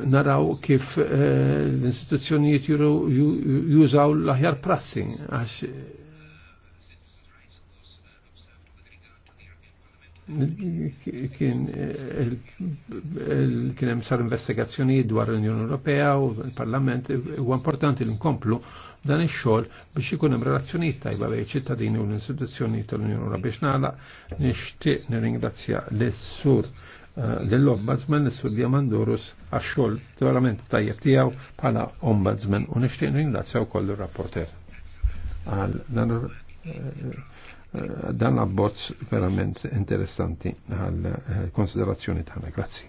naraw kif eh, l-istituzzjonijiet jużaw l-aħjar prassi għax kien eh, hemm sar investigazzjoni dwar l-Unjoni Ewropea u l-Parlament huwa importanti li nkomplu dan ix-xogħol biex ikun hemm relazzjonijiet tajba bejn ċittadini u l-istituzzjonijiet tal-Unjoni Ewropea biex nagħlaq nixtieq nirringrazzja lis-sur l-ombudsman is-sur Diamandurus għax-xogħol verament tajjeb tijaw pala ombudsman u nixtieq ringrazzjaw kollu rapporter għal dan eh, dan abbozz verament interessanti għal eh, konsiderazzjoni tħana. Grazzi.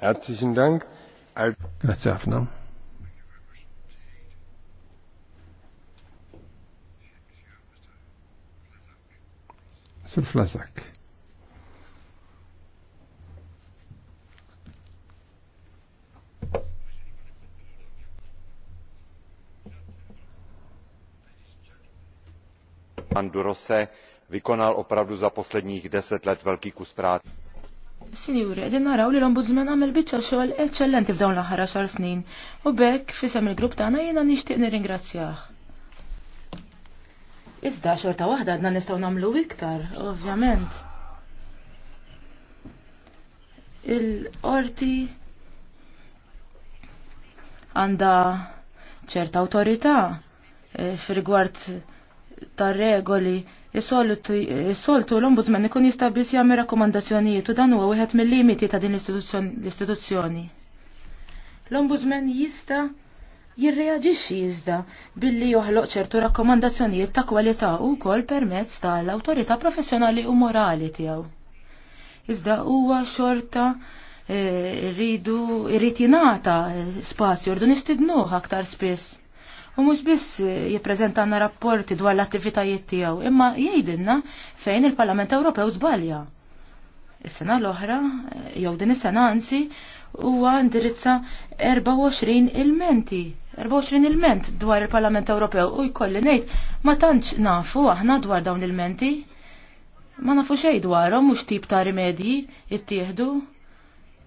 Herzlichen Dank. Grazie ħafna. fil-flasak. Pan Durose vykonal opravdu za posledních deset let velký kus práce. Sinjuri, edin naraw li l-ombudsman għamil bitċa xogħol eċċellenti f'dawn l-aħħar xar snin u bekk fisem il-grupp tagħna jiena nixtieq nirringrazzjah. Iżda xorta waħda għadna nistgħu nagħmlu iktar, ovvjament. Il-qorti għandha ċerta awtorità e, f'rigward tar regoli Is-soltu l-ombudsman ikun jista' biss jagħmel rakkomandazzjonijiet u dan huwa wieħed mill-limiti ta' din l-istituzzjoni. L-ombudsman jista' jirreaġixxi iżda billi joħloq ċertu rakkomandazzjonijiet ta' kwalità u wkoll permezz tal-awtorità professjonali u morali tiegħu. Iżda huwa xorta eh, rridu irrid jingħata eh, spazju rridu nistidnuh aktar spiss. U mhux biss eh, jippreżentanna rapporti dwar l-attivitajiet tiegħu, imma jgħidilna fejn il-Parlament Ewropew żbalja. Is-sena l-oħra, jew din is-sena anzi, huwa indirizza 24 il-menti. 24 il-ment dwar il-Parlament Ewropew u jkolli ngħid ma tantx nafu aħna dwar dawn il-menti. Ma nafu xejn dwarhom mhux tip ta' rimedji ittieħdu.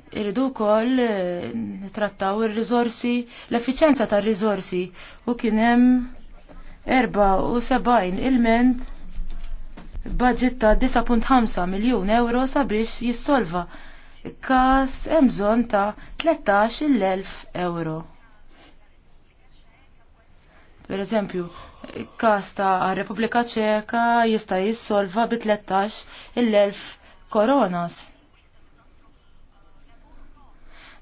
Irridu wkoll eh, nitrattaw ir-riżorsi, l-effiċenza tar-riżorsi u kien hemm 74 il-ment budget ta' 9.5 miljun euro sabiex jissolva kas hemm bżonn ta' 13,000 euro. Per eżempju, kas ta' Repubblika Ċeka jista' jissolva bi 13,000 koronas.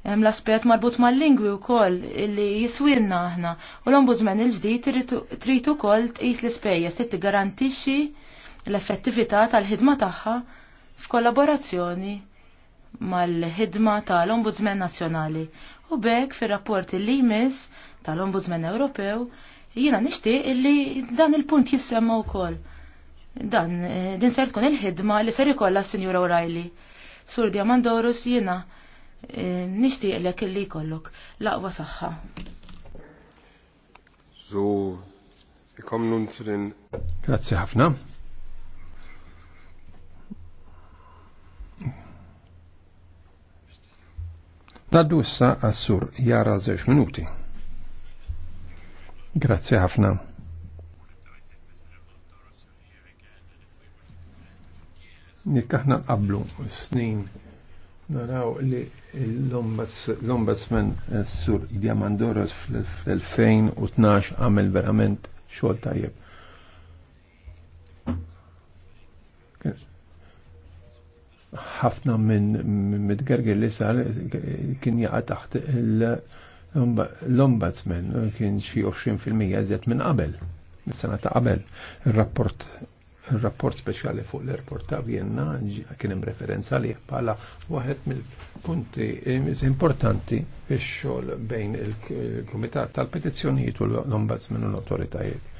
Hemm l-aspett marbut mal-lingwi wkoll illi jiswilna aħna u l-ombudsman il-ġdid trid ukoll tqis l-ispejjeż trid tigarantixxi l-effettività tal-ħidma tagħha f'kollaborazzjoni mal-ħidma tal-Ombudsman Nazzjonali u bekk fir-rapport li jmiss tal-Ombudsman Ewropew jiena nixtieq illi dan il-punt jissemma wkoll. Dan eh, din ser tkun il-ħidma li ser ikollha s-Sinjura O'Reilly. Sur Diamandorus jiena eh, nixtieq lek illi jkollok laqwa saħħa. So, ikom nun Grazzi ħafna. Naddussa għassur jara zeċ minuti. Grazie ħafna. Nikkaħna aħna qablu snin naraw li l-ombudsman sur Diamandoros fl-2012 għamel verament xogħol tajjeb ħafna minn Midgerger li sar kien jaqa' taħt l-ombudsman kien xi 20% eżjed minn qabel, is-sena ta' qabel. il rapport il-rapport speċjali fuq l-airport ta' Vienna kien hemm referenza li bħala waħed mill-punti importanti fix-xogħol bejn il-Kumitat tal-Petizzjonijiet u l-Ombudsman u l-Awtoritajiet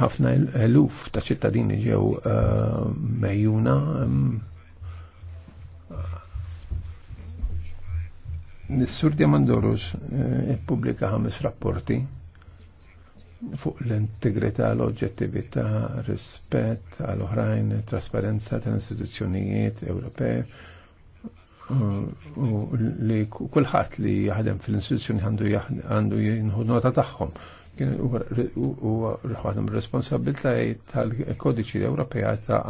ħafna eluf ta' ċittadini ġew eh, mejjuna Nissur Diamandorus eh, pubblika ħames rapporti fuq l-integrità, l-oġġettività, rispett għal oħrajn, trasparenza tal-istituzzjonijiet Ewropej eh, u li kullħat li jaħdem fil-istituzzjoni għandu jinħu nota tagħhom kien huwa ħadem responsabilità tal-kodiċi Ewropea ta'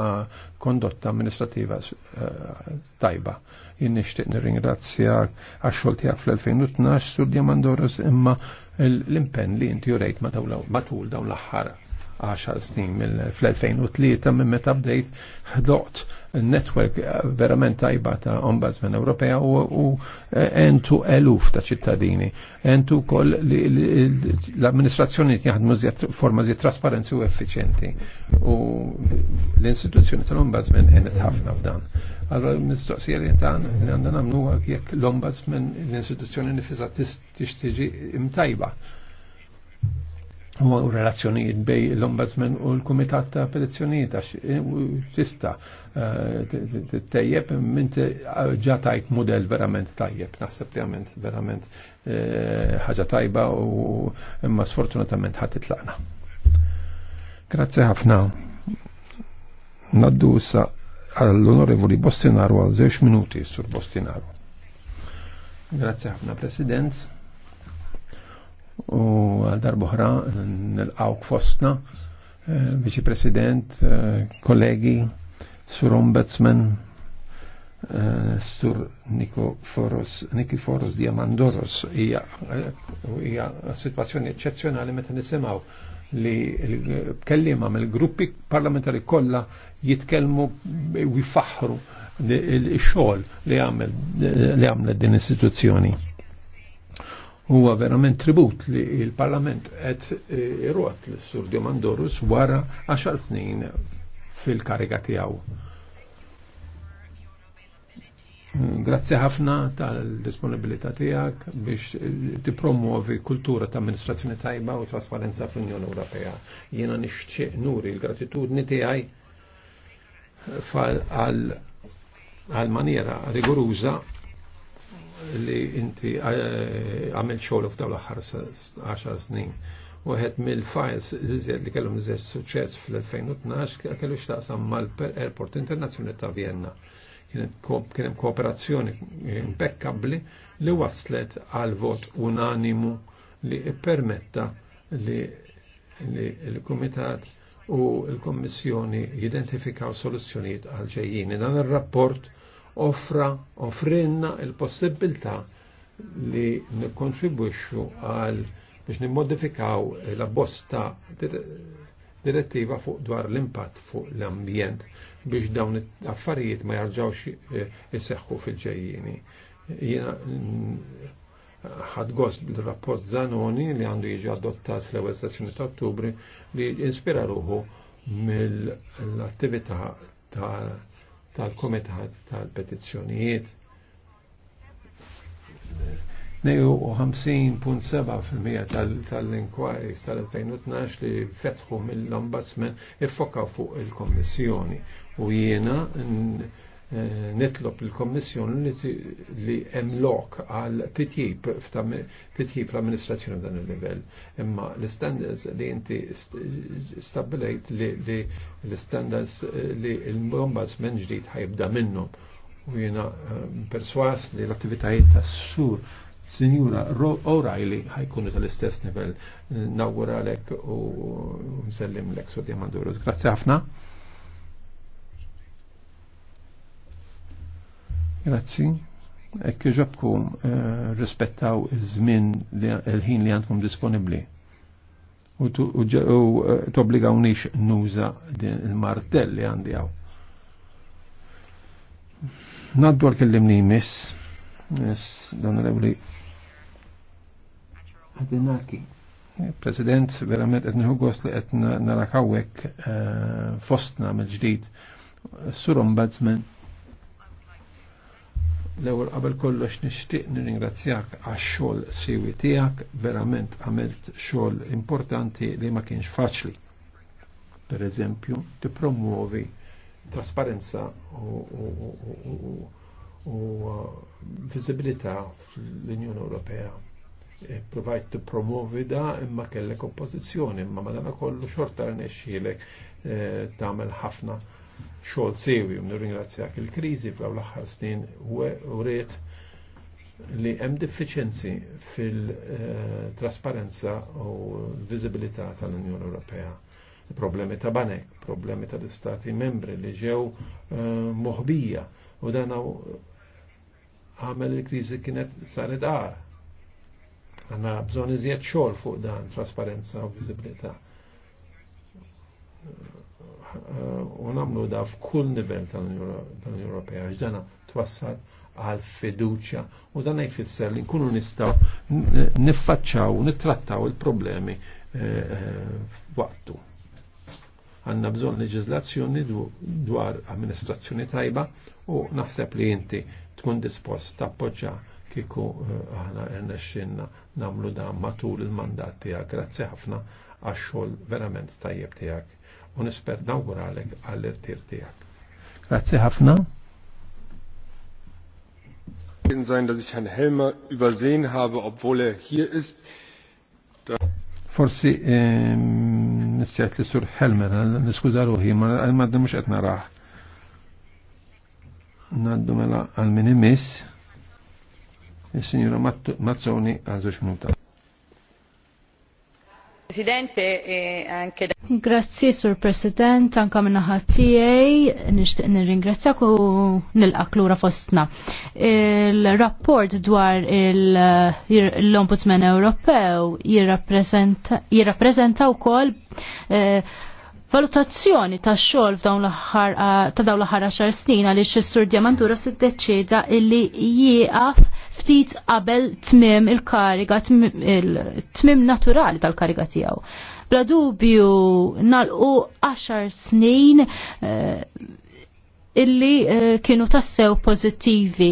kondotta amministrativa eh, tajba. Jien nixtieq nirringrazzja għax-xogħol tiegħek fl-2012 sur Diamandoros imma l-impenn li inti jurejt matul dawn l-aħħar 10 snin fl-2003 minn meta bdejt ħloqt network eh, verament tajba ta' Ombudsman Ewropea u eh, entu eluf ta' ċittadini. Entu kol l-amministrazzjoni jaħdmu forma zi trasparenzi u effiċenti. U l-istituzzjoni tal-Ombudsman enet ħafna f'dan. Allora, mistoqsija li tan, għandan għamnu jekk l-Ombudsman l-istituzzjoni nifiza' tixtiġi imtajba u relazzjonijiet bej l-Ombudsman u l-Kumitat ta' Petizzjonijiet għax eh, tista' eh, tejjeb minn eh, ġa tajt model verament tajjeb, naħseb li verament ħaġa tajba u imma sfortunatament ħadd titlaqna. Grazzi ħafna. Naddu sa għall-Onorevoli Bostinaru għal żewġ minuti sur Bostinaru. Grazzi ħafna President u għal darbohra nil-għawk fostna, eh, viċi president, eh, kollegi, sur ombudsman, eh, sur Foros, Niki Foros Diamandoros, hija situazzjoni eccezzjonali meta nisimaw li kellima il gruppi parlamentari kollha jitkellmu u jifaħru il-xogħol li għamlet din istituzzjoni huwa verament tribut li il-Parlament qed eh, irrot l sur Diomandorus wara 10 snin fil-kariga tiegħu. Grazzi ħafna tal-disponibilità tiegħek biex eh, tippromuovi kultura ta' amministrazzjoni tajba u trasparenza fl-Unjoni Ewropea. Jiena nixtieq nuri l-gratitudni tiegħi għal maniera riguruża li inti eh, għamil xogħol f'dawn l-aħħar 10 snin. Waħed mill-files iżjed li kellhom iżjed suċċess fl-2012 kellu xtaqsam mal-Airport Internazzjonali ta' Vienna. Kien hemm kooperazzjoni impeccabbli li waslet għal vot unanimu li permetta li l-Kumitat u l-Kommissjoni jidentifikaw soluzzjonijiet għal ġejjini. Dan ir-rapport offra offrinna il-possibilità li nikkontribwixxu għal biex nimmodifikaw l bosta direttiva fuq dwar l-impatt fuq l-ambjent biex dawn affarijiet ma jarġawx jisseħħu eh, fil-ġejjini. Jiena mm, ħad bil-rapport Zanoni li għandu jiġi adottat fl-ewwel sessjoni ta' Ottubri li inspira ruħu mill-attività ta' tal-Komitat tal-Petizzjonijiet. 52.7% tal inquiries tal-2012 li fetħu mill-Ombudsman iffokaw fuq il-Kommissjoni u jiena Eh, nitlob l kommissjon li hemm lok għal titjib titjib l-amministrazzjoni dan il-livell. Imma l-standards li inti stabbilejt li l-standards eh, li l-ombudsman ġdid ħajbda minnhom. U jiena eh, perswas li l-attivitajiet tas-sur Signora O'Reilly ħajkunu tal-istess nivell nawguralek u nsellim l-ek Sodja Grazie ħafna. Grazzi. Ekk uh, eh, rispettaw iż-żmien il-ħin li għandkom disponibli. U t-obbligaw eh, tobbligawniex nuża din il-martell li għandi għaw. Naddu għal-kellimni jmiss, miss dan l-ewli. Għadinaki. President, verament etniħu gost li etna narakawek eh, fostna mill-ġdid. Sur ombudsman, l-ewwel qabel kollox nixtieq nirringrazzjak għax-xogħol siwi tiegħek, verament għamilt xogħol importanti li ma kienx faċli. Per eżempju, tippromuovi trasparenza u uh, viżibilità fl-Unjoni Ewropea. E provajt tippromuovi da imma kellek oppożizzjoni, imma madana kollu xorta rnexxielek eh, tagħmel ħafna xogħol sewi u nirringrazzjak il-kriżi fl l-aħħar snin u rrit li hemm diffiċenzi fil-trasparenza u l-viżibilità tal-Unjoni Ewropea. Problemi ta' banek, problemi tal-istati membri li ġew eh, moħbija u dan għamel il-kriżi kienet saret għar. Għanna bżon iżjed xogħol fuq dan, trasparenza u viżibilità u namlu da f'kull nivell tal-Unjoni Ewropea ġdana twassal għal fiduċja u dan jfisser li nkunu nistaw niffaċċaw nittrattaw il-problemi eh, eh, waqtu. Għanna bżon leġizlazzjoni dwar amministrazzjoni tajba u naħseb li inti tkun dispost tappoġġa kiku għana eh, rnexxinna namlu da' matul il-mandat tiegħek. Grazzi ħafna għax-xogħol verament tajjeb tiegħek unisper dawgur għalek għall-irtir tijak. Grazie ħafna. sein, dass ich Herrn Helmer übersehen habe, obwohl er hier ist. Forsi nissejt li sur Helmer, niskuza hi, ma għadda mux għetna raħ. Naddu mela għal-minimis, il-signora Mazzoni għal minuta. Presidente, e anche da... Grazie, Sur President, anka minna ħatijaj, nishtiq nirringrazzjak u nilqak lura fostna. Il-rapport dwar l-Ombudsman Ewropew jirrapprezenta u kol eh, valutazzjoni ta' xogħol f'dawn ta' dawn l-aħħar 10 snin għaliex is-Sur Diamantura siddeċida illi jieqaf ftit qabel tmim il-kariga, tmim naturali tal-kariga tiegħu. Bla dubju nalqu 10 snin eh, illi eh, kienu tassew pozittivi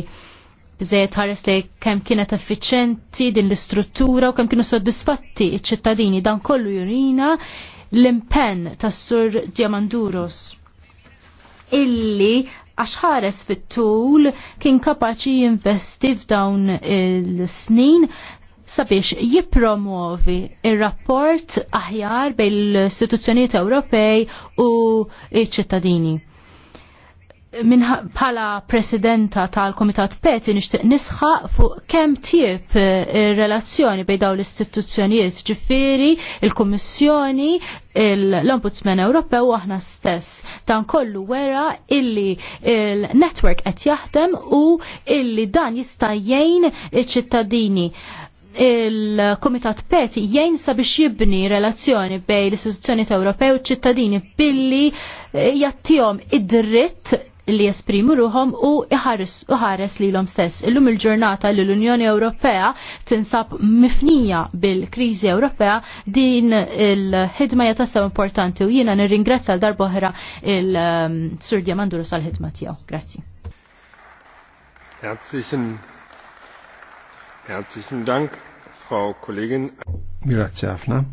bżejt ħares li kem kienet effiċenti din l-istruttura u kem kienu soddisfatti iċ-ċittadini dan kollu jurina l-impenn tas-sur Diamanduros illi għax ħares fit-tul kien kapaċi jinvesti f'dawn il-snin sabiex jipromovi il-rapport aħjar bejn l-istituzzjonijiet Ewropej u ċ ċittadini Min bħala presidenta tal-Komitat Peti nixtieq nisħa fuq kemm tieb eh, ir-relazzjoni bejn dawn l-istituzzjonijiet ġifieri, il-Kummissjoni, l-Ombudsman Ewropew u aħna stess. Dan kollu wera illi il-network qed jaħdem u illi dan jista' jgħin iċ-ċittadini il-Komitat Peti jgħin sabiex jibni relazzjoni bej l-istituzzjoni Ewropew u ċittadini billi eh, jattijom id-dritt li jesprimu ruhom u iħares li l-om stess. Illum il-ġurnata li l-Unjoni Ewropea tinsab mifnija bil-krizi Ewropea din il-ħidma jatassaw importanti u jina nirringrazzja l-darboħra il-Sur um, Diamanduru sal-ħidma tijaw. Grazzi. Herzlichen, herzlichen Dank, Frau Kollegin. Grazie, Afna.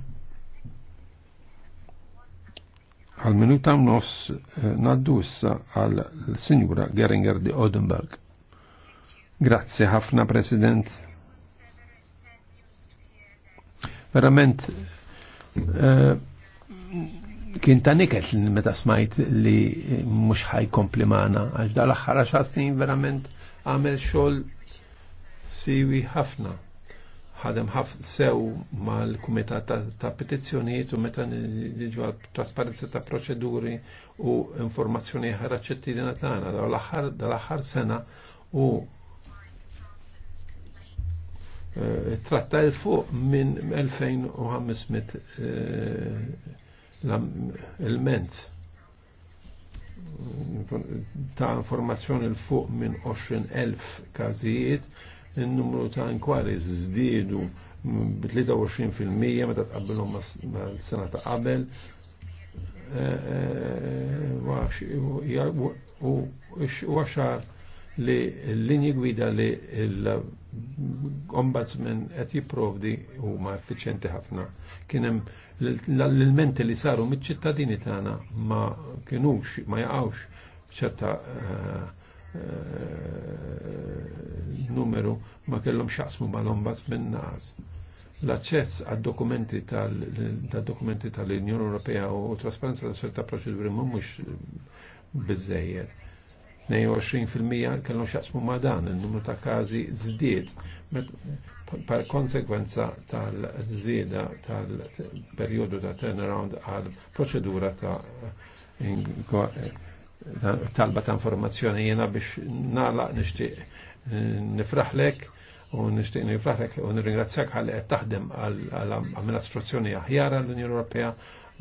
għal minuta nofs eh, naddu issa għal signura Geringer di Odenberg. Grazie ħafna, President. Verament, eh, kien ta' niket li meta smajt li mux ħaj komplimana, għax dal-axħar xastin verament għamel xol siwi ħafna ħadem ħafna sew mal-Kumitat ta' Petizzjonijiet u meta niġu għal trasparenza ta' proċeduri u informazzjoni ħara ċittadina tagħna dal-aħħar sena u eh, tratta il fuq minn 2500 eh, il-ment ta' informazzjoni l fuq minn 20.000 każijiet il-numru ta' inkwaris zdiedu b-23% meta tqabbelhom mal-sena ta' qabel eh, eh, u għaxar li l-linji gwida li l-ombudsman qed jipprovdi huma effiċenti ħafna. Kien hemm l-elementi li saru miċ-ċittadini tagħna ma kinux ma jaqgħux ċerta uh, Eh, numeru ma kellhom xaqsmu ma l minn nas. L-aċċess għad-dokumenti tal-dokumenti tal-Unjoni Ewropea u trasparenza ta' ċerta proċeduri mhumiex biżejjed. 22% kellhom xaqsmu ma dan, il-numru ta' każi żdied par konsekwenza tal-żieda tal-perjodu ta' turnaround għal proċedura ta' talba ta' informazzjoni jena biex nalaq nishtiq eh, nifraħlek u nishtiq nifraħlek u nirringrazzjak għalli għed taħdem għall-amministrazzjoni aħjar għall-Unjoni Ewropea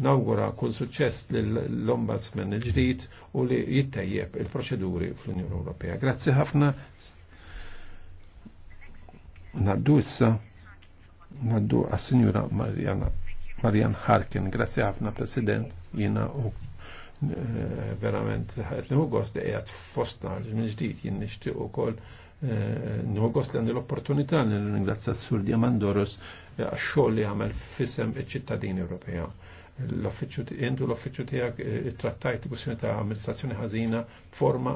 nawgura kull suċċess lill-Ombudsman il-ġdid u li jittajjeb il-proċeduri fl-Unjoni Ewropea. Grazzi ħafna. Naddu issa naddu għas-Sinjura Marjan Harkin. Grazzi ħafna President jiena u verament nħu hugost li e għed fostna minn ġdijt jinn nishtiq u kol e, nħu gost li għandu l-opportunità li ingrazzat sur Diamandoros e, għax xogħol li għamel fissem il ċittadini Ewropea l-offiċu intu l-offiċu tijak eh, trattajt kwestjoni ta' amministrazzjoni ħażina forma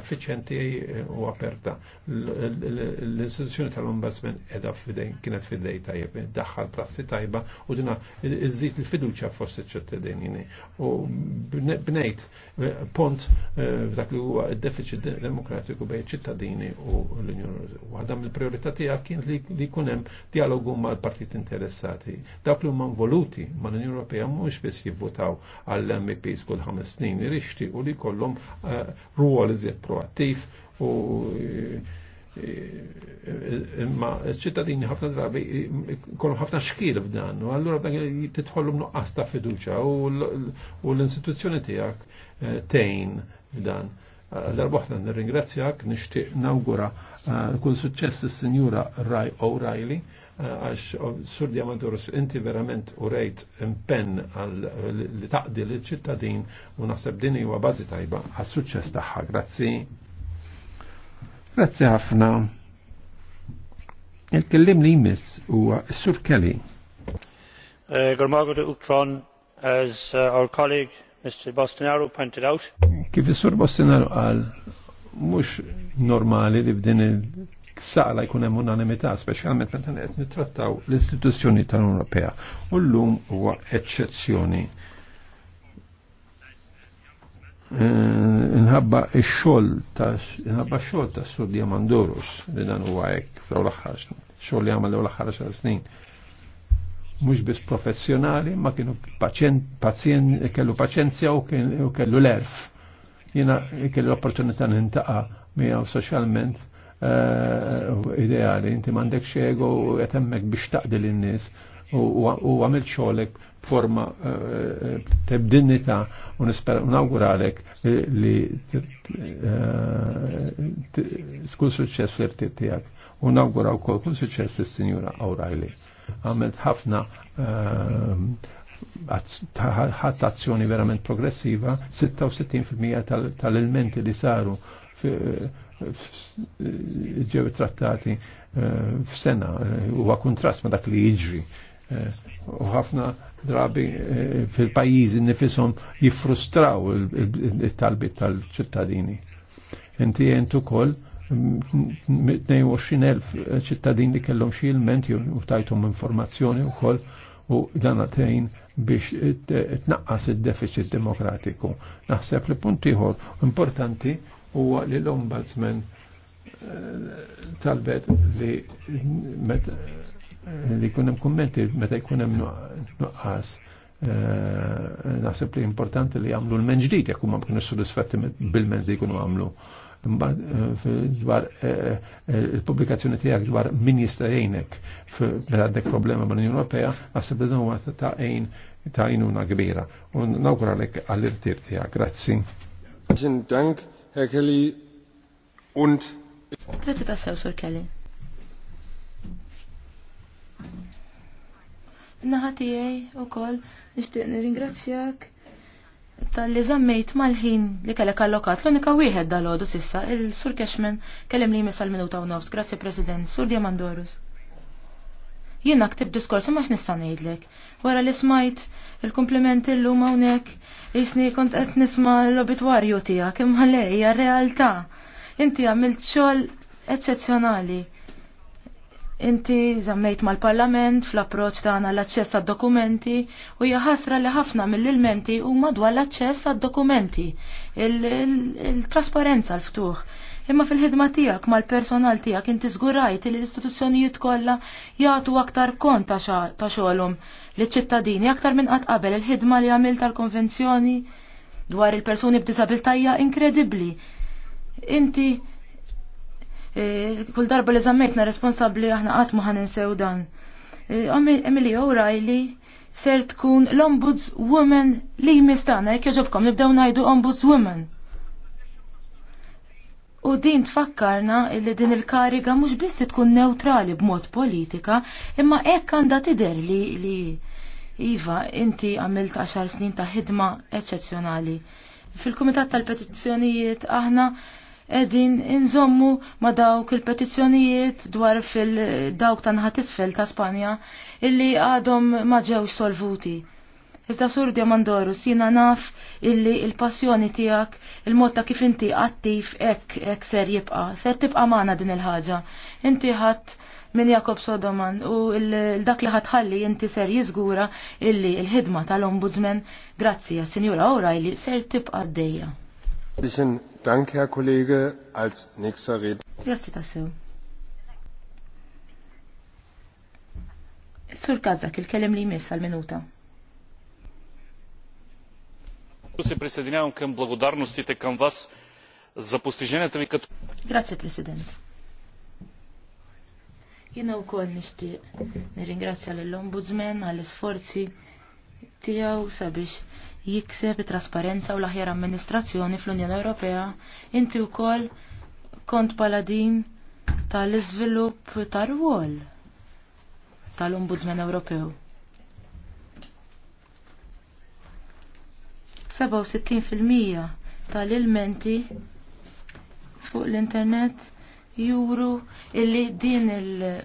effiċenti eh, u aperta. L-istituzzjoni tal-ombudsman edha fidejn kienet fidej tajjeb, daħħal prassi tajba u dina iżid il-fiduċa forsi ċittadini. U bnejt eh, pont f'dak li huwa d-deficit demokratiku bejn ċittadini u l-Unjoni Ewropea. Waħda mill-priorità tiegħek kien li jkun hemm dialogu mal-partit interessati. Dawk li huma involuti mal-Unjoni Ewropea mhux biss jivvotaw għall-MPs kull ħames snin, irixti u li kollhom eh, ruol iżjed proattiv u eh, eh, ma ċittadini ħafna drabi kollu ħafna xkil f'dan u allura titħollum nuqqas ta' fiduċa u l-istituzzjoni tiegħek tejn f'dan. Darboħna nirringrazzjak, nixtieq nawgura kull suċċess il sinjura Ray O'Reilly għax sur Diamanturus inti verament u rejt impenn li taqdi li ċittadin u naħseb din huwa bażi tajba għas suċċess tagħha. Grazzi. Grazzi ħafna. Il-kellim li jmiss huwa Sur Kelly. Eh, Gormagod Ukron, as uh, our colleague Mr. Bostonaro pointed out. Kif is-Sur Bostonaro qal mhux normali li b'din il- saqla jkun hemm unanimità, speċjalment meta qed nittrattaw l-istituzzjoni tal-Unjoni Ewropea. U llum huwa eċċezzjoni. E, inħabba x-xogħol ta' inħabba x-xogħol ta' Sur Diamandorus li dan huwa hekk fl-ewwel aħħar xogħol li għamel l-ewwel aħħar snin mhux biss professjonali, ma kienu pazjent kellu paċenzja u kellu l-erf. Jiena kellu l-opportunità nintaqa' miegħu soċjalment Eh, ideali, inti mandek xiego u jatemmek biex taqdil l-nis u għamil xolek forma eh, tebdinnita u nawguralek li skull eh, suċċess l-irtiet tijak u nawguraw kol kull suċċess l-Sinjura Awrajli. Għamilt ħafna ħadd azzjoni verament progressiva, 66% tal-elementi li saru ġew trattati eh, f'sena eh, huwa kuntrast ma dak li jiġri. Eh, u ħafna drabi fil-pajjiżi nifisom jiffrustraw il-talbit tal-ċittadini. Inti jent ukoll 22.000 ċittadini li kellhom xi ilment u tajthom informazzjoni wkoll u dan għatejn biex tnaqqas id-deficit demokratiku. Naħseb li punt ieħor importanti huwa li l-ombudsman eh, talbet li eh, li kunem kommenti meta jkunem nuqqas eh, naħseb li importanti li għamlu l-men ġdid jekk huma kienu sodisfatti bil-men li kunu għamlu. Dwar il publikazzjoni tijak dwar min jista' jgħinek għaddek problema bħan l unjoni Ewropea, għasib l-dun għat ta' għejn ta' għajnuna kbira. U nawguralek għall-irtir tijak Grazzi. Għazin Dank. Herr Kelly, und... Grazie tassew, Sur Kelly. Naħa tiegħi wkoll nixtieq nirringrazzjak tal-li żammejt mal-ħin li kellek allokat l-unika wieħed dal-għodu sissa il-Sur Cashman kellem li l minuta u nofs. Grazie, President, Sur Diamandorus. Jiena ktib diskors ma x'nista' ngħidlek. Wara li smajt il-kumpliment illum hawnhekk isni kont qed nisma' l-obitwarju tiegħek imma lejja realtà. Inti għamilt xogħol eċċezzjonali. Inti żammejt mal-Parlament fl-approċċ tagħna l-aċċess għad-dokumenti u hija ħasra li ħafna mill-ilmenti huma dwar l-aċċess għad-dokumenti, il-trasparenza l-ftuħ. Imma fil-ħidma tiegħek mal-personal tiegħek inti zgurajt li l-istituzzjonijiet kollha jagħtu aktar kont ta' xogħolhom liċ-ċittadini aktar minn qatt qabel il-ħidma li għamil tal-konvenzjoni dwar il-persuni b'diżabilitajja inkredibbli. Inti e, kull darba li zammejtna responsabli aħna qatt ma sew dan. E, Emily O'Reilly ser tkun l-ombudswoman li jmistana, jek jaġobkom nibdew najdu ombudswoman. U din tfakkarna li din il-kariga mhux biss tkun neutrali b'mod politika, imma hekk għandha tidher li li Iva, inti għamilt 10 snin ta' ħidma eċċezzjonali. Fil-Kumitat tal-Petizzjonijiet aħna edin inżommu ma dawk il-petizzjonijiet dwar fil-dawk ta' nħat isfel ta' Spanja illi għadhom ma ġewx solvuti Iżda sur Diamandoru, sina naf illi il-passjoni tijak, il-mod ta' kif inti attiv ek, ek ser jibqa, ser tibqa maħna din il-ħagġa. Inti ħadd minn Jakob Sodoman u dak li ħatħalli inti ser jizgura illi il-ħidma tal-ombudsman, grazzi għas sinjura O'Reilly, ser tibqa d-dejja. Bixin, dank, Herr Kollege, als nächster Red. Grazzi tassew. Sur Kazak, il-kelem li jmiss għal-minuta. Grazie, присъединявам Jiena wkoll nixtieq nirringrazzja lill ombudsman għall-isforzi tiegħu sabiex jikseb it trasparenza u l-aħjar amministrazzjoni fl-Unjoni Ewropea. Inti wkoll kont paladin tal iżvilupp tar-rwol tal-Ombudsman Ewropew. 67% tal-ilmenti fuq l-internet juru illi din il-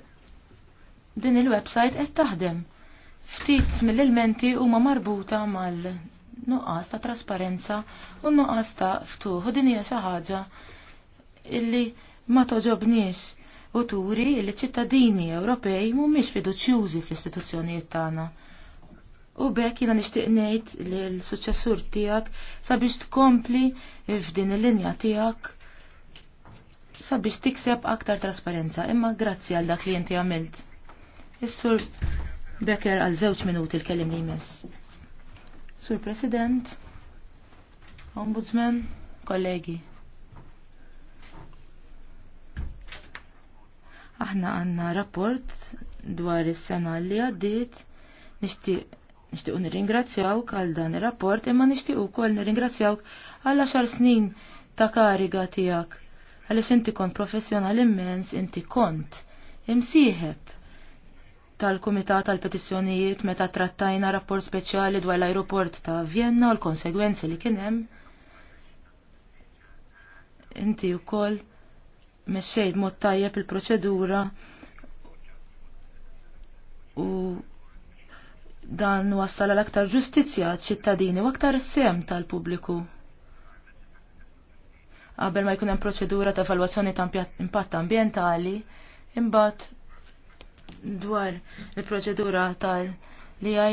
din il-website qed taħdem. Ftit mill-ilmenti huma marbuta mal-nuqqas ta' trasparenza u nuqqas ta' ftuħ u din hija xi ħaġa illi ma toġobniex u turi li ċittadini Ewropej mhumiex fiduċjużi fl-istituzzjonijiet tagħna. U bekk jina nishtiq ngħid li l-suċessur tiegħek sabiex tkompli f'din il-linja tiegħek sabiex tikseb aktar trasparenza, imma grazzi għal dak li jinti għamilt. Is-sur Becker għal żewġ minuti l kellim li jmiss. Sur President, Ombudsman, kollegi. Aħna għanna rapport dwar is-sena li għaddiet nixtieq Nixtiequ nirringrazzjawk għal dan ir-rapport imma nixtiequ wkoll nirringrazzjawk għal għaxar snin ta' kariga tiegħek. Għaliex inti kont professjonal immens, inti kont imsieħeb tal-Kumitat tal-Petizzjonijiet meta trattajna rapport speċjali dwar l-aeroport ta' Vienna u l-konsegwenzi li kien hemm. Inti wkoll mexxejt mod tajjeb il-proċedura u Dan wassal l aktar ġustizzja ċittadini u aktar sem tal-pubbliku. Qabel ma jkun hemm proċedura ta' evalwazzjoni ta' impatt ambjentali, imbagħad dwar il-proċedura tal-LIA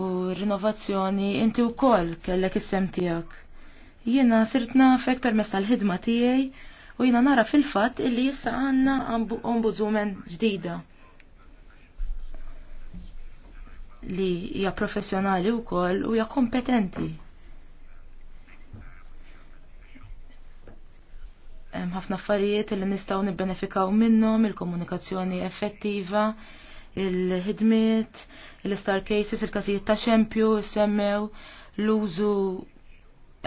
u rinnovazzjoni inti wkoll kellek is-sem tiegħek. Jiena sirt nafek permezz tal-ħidma tiegħi u jiena nara fil-fatt illi issa għandna ombudswoman ġdida. li hija professjonali wkoll u hija kompetenti. Hemm ħafna affarijiet li nistgħu nibbenefikaw minnhom il-komunikazzjoni effettiva, il-ħidmiet, il-star cases, il-każijiet ta' xempju, semmew l-użu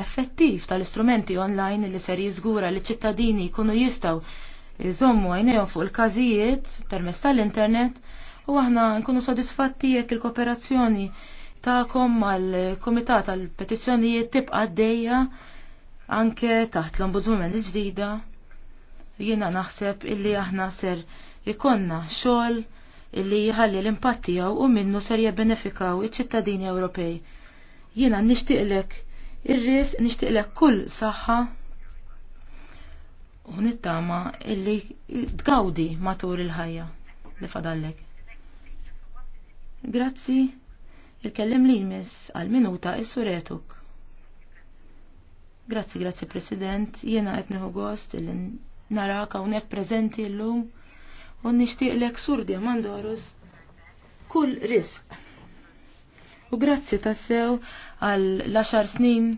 effettiv tal-istrumenti online li ser jiżgura li ċittadini jkunu jistgħu jżommu għajnejhom fuq il-każijiet permezz tal-internet u aħna nkunu sodisfatti jekk il-kooperazzjoni ta'kom mal-Komitat għal-Petizzjonijiet tibqa' għaddejja anke taħt l-Ombudsman il-ġdida. Jiena naħseb illi aħna ser ikonna xogħol illi jħalli l tiegħu u minnu ser jebbenefikaw iċ-ċittadini Ewropej. Jiena nixtieqlek ir-ris nixtieqlek kull saħħa u nittama illi tgawdi matul il-ħajja li fadallek. Grazzi, il-kellim li jmiss għal-minuta is-suretuk. Grazzi, grazzi President, jena etniħu gost il narak hawnhekk preżenti llum u nixtieqlek sur Diamandorus kull risq. U grazzi tassew għal l snin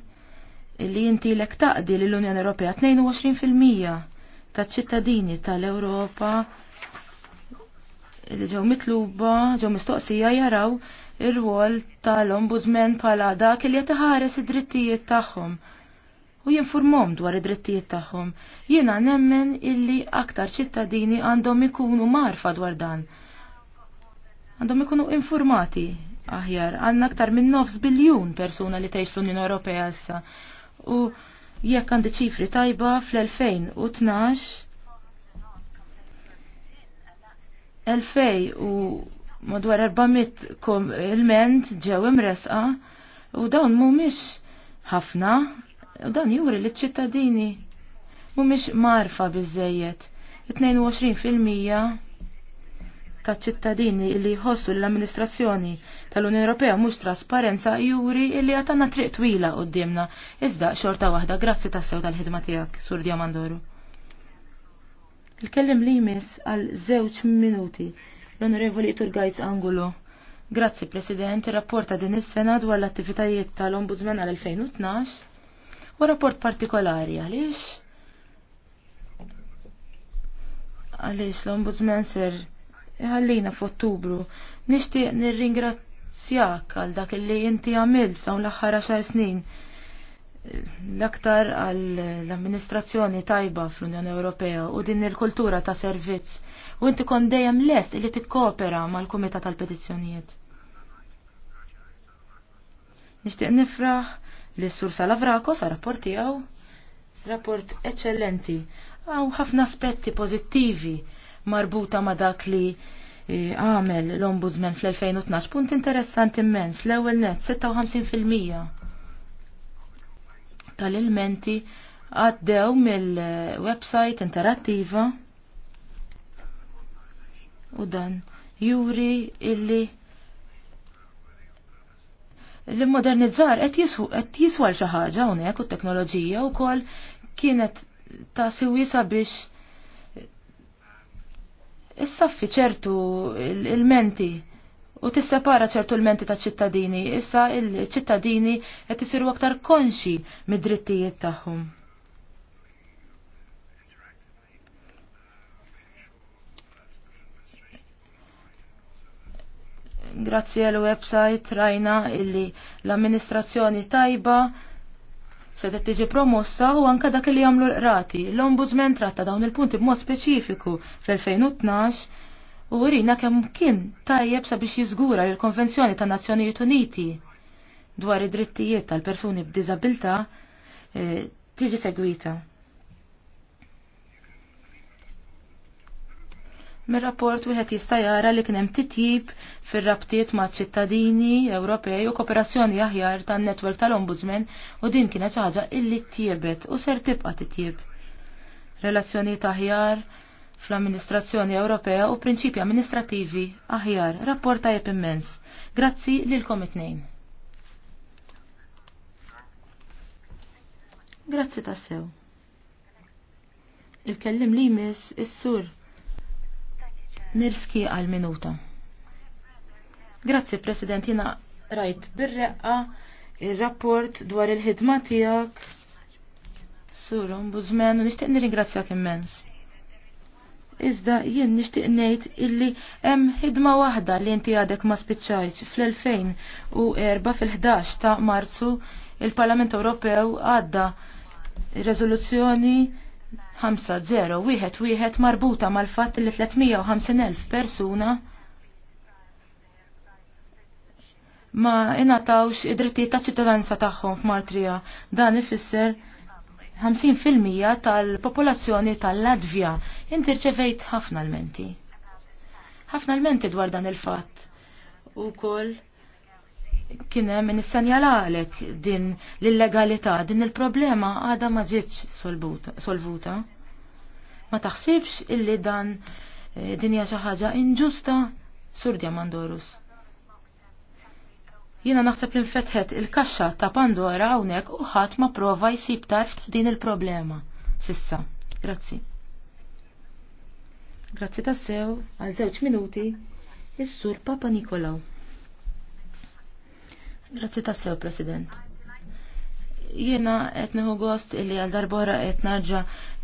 li jinti l taqdi l-Unjoni Europea 22% taċ ċittadini tal-Ewropa li ġew mitluba, ġew mistoqsija jaraw ir-rwol tal-ombudsman bħala dak li qed iħares id-drittijiet tagħhom u jinformom dwar id-drittijiet tagħhom. Jiena nemmen illi aktar ċittadini għandhom ikunu marfa dwar dan. Għandhom ikunu informati aħjar. Għandna aktar minn nofs biljun persuna li tgħix fl-Unjoni Ewropea issa. U jekk għandi ċifri tajba fl-2012 2000 u madwar 400 il-ment ġew imresqa u dawn mhumiex ħafna u dan juri li ċittadini mhumiex marfa biżejjed. 22% ta' ċittadini li jħossu l-amministrazzjoni tal-Unjoni Ewropea mhux trasparenza juri li għatanna triq twila qudiemna. Iżda xorta waħda, grazzi tassew tal-ħidma tiegħek, Sur Diamandoru. Il-kellim li jmiss għal żewġ minuti l-Onorevoli Iturgajs Angulo. Grazzi, President, rapporta din is-sena dwar l-attivitajiet tal-Ombudsman għal 2012 u rapport partikolari għaliex għaliex l-Ombudsman ser ħallina f'Ottubru. Nixtieq nirringrazzjak għal dak li inti għamilt dawn l-aħħar 10 snin l-aktar għall-amministrazzjoni tajba fl-Unjoni Ewropea u din il-kultura ta' servizz u inti kon dejjem lest li tikkopera mal-Kumitat tal-Petizzjonijiet. Nixtieq nifraħ li sur Salavrakos sa rapport tiegħu rapport eċċellenti għaw ħafna aspetti pożittivi marbuta ma' dak li eh, għamel l-Ombudsman fl-2012 punt interessanti immens l-ewwel net 56 tal-ilmenti għaddew mill-website interattiva u dan juri illi l-modernizzar qed jiswar xi ħaġa hawnhekk u t-teknoloġija wkoll kienet ta' siwisa biex issaffi ċertu il-menti il menti u tissepara ċertu l-menti ta' ċittadini. Issa il-ċittadini qed isiru aktar konxi mid-drittijiet tagħhom. Grazzi għal website rajna illi l-amministrazzjoni tajba se tiġi promossa u anka dak li jagħmlu rati. qrati L-Ombudsman tratta dawn il-punti b'mod speċifiku fil 2012 u rina kemm kien tajjeb sabiex jiżgura l konvenzjoni ta' Nazzjonijiet Uniti dwar id-drittijiet tal-persuni b'diżabilità eh, tiġi segwita. Mir-rapport wieħed jista' jara li kien hemm titjib fir-rabtiet ma' ċittadini Ewropej u kooperazzjoni aħjar tan-netwerk tal-Ombudsman u din kienet xi ħaġa illi ttiebet u ser tibqa' titjieb. Relazzjonijiet aħjar fl-amministrazzjoni Ewropea u prinċipi amministrativi aħjar, rapport tajjeb immens. Grazzi lilkom it-tnejn. Grazzi tassew. Il-kellim li jmiss is-sur Mirski għal minuta. Grazzi President, jina rajt birreqqa il-rapport dwar il-ħidma tijak. Sur, ombudsman, nishtiq nirringrazzjak immens. Iżda jien nixtieq ngħid illi hemm ħidma waħda li inti għadek ma spiċċajtx fl-2004 fil-11 ta' Marzu il-Parlament Ewropew għadda riżoluzzjoni 5 0 wieħed marbuta mal-fatt li 350.000 persuna ma inatawx id-drittijiet ta' ċittadinanza tagħhom f'Maltrija. Dan ifisser 50% tal-popolazzjoni tal-Latvja. interċevejt ħafna l-menti. ħafna l-menti dwar dan il-fatt. U kol kienem min sanjalalek din l-illegalità, din il-problema għada ma ġietx solvuta. Ma taħsibx illi dan eh, dinja xaħġa inġusta surdja Mandorus. Jiena naħseb li nfetħet il-kaxxa ta' Pandora hawnhekk u ħadd ma prova jsib tarf ta' din il-problema. Sissa, grazzi. Grazzi tassew għal żewġ minuti is-sur Papa Nikolaw. Grazzi tassew, President jiena qed nieħu gost illi għal darbora qed narġa'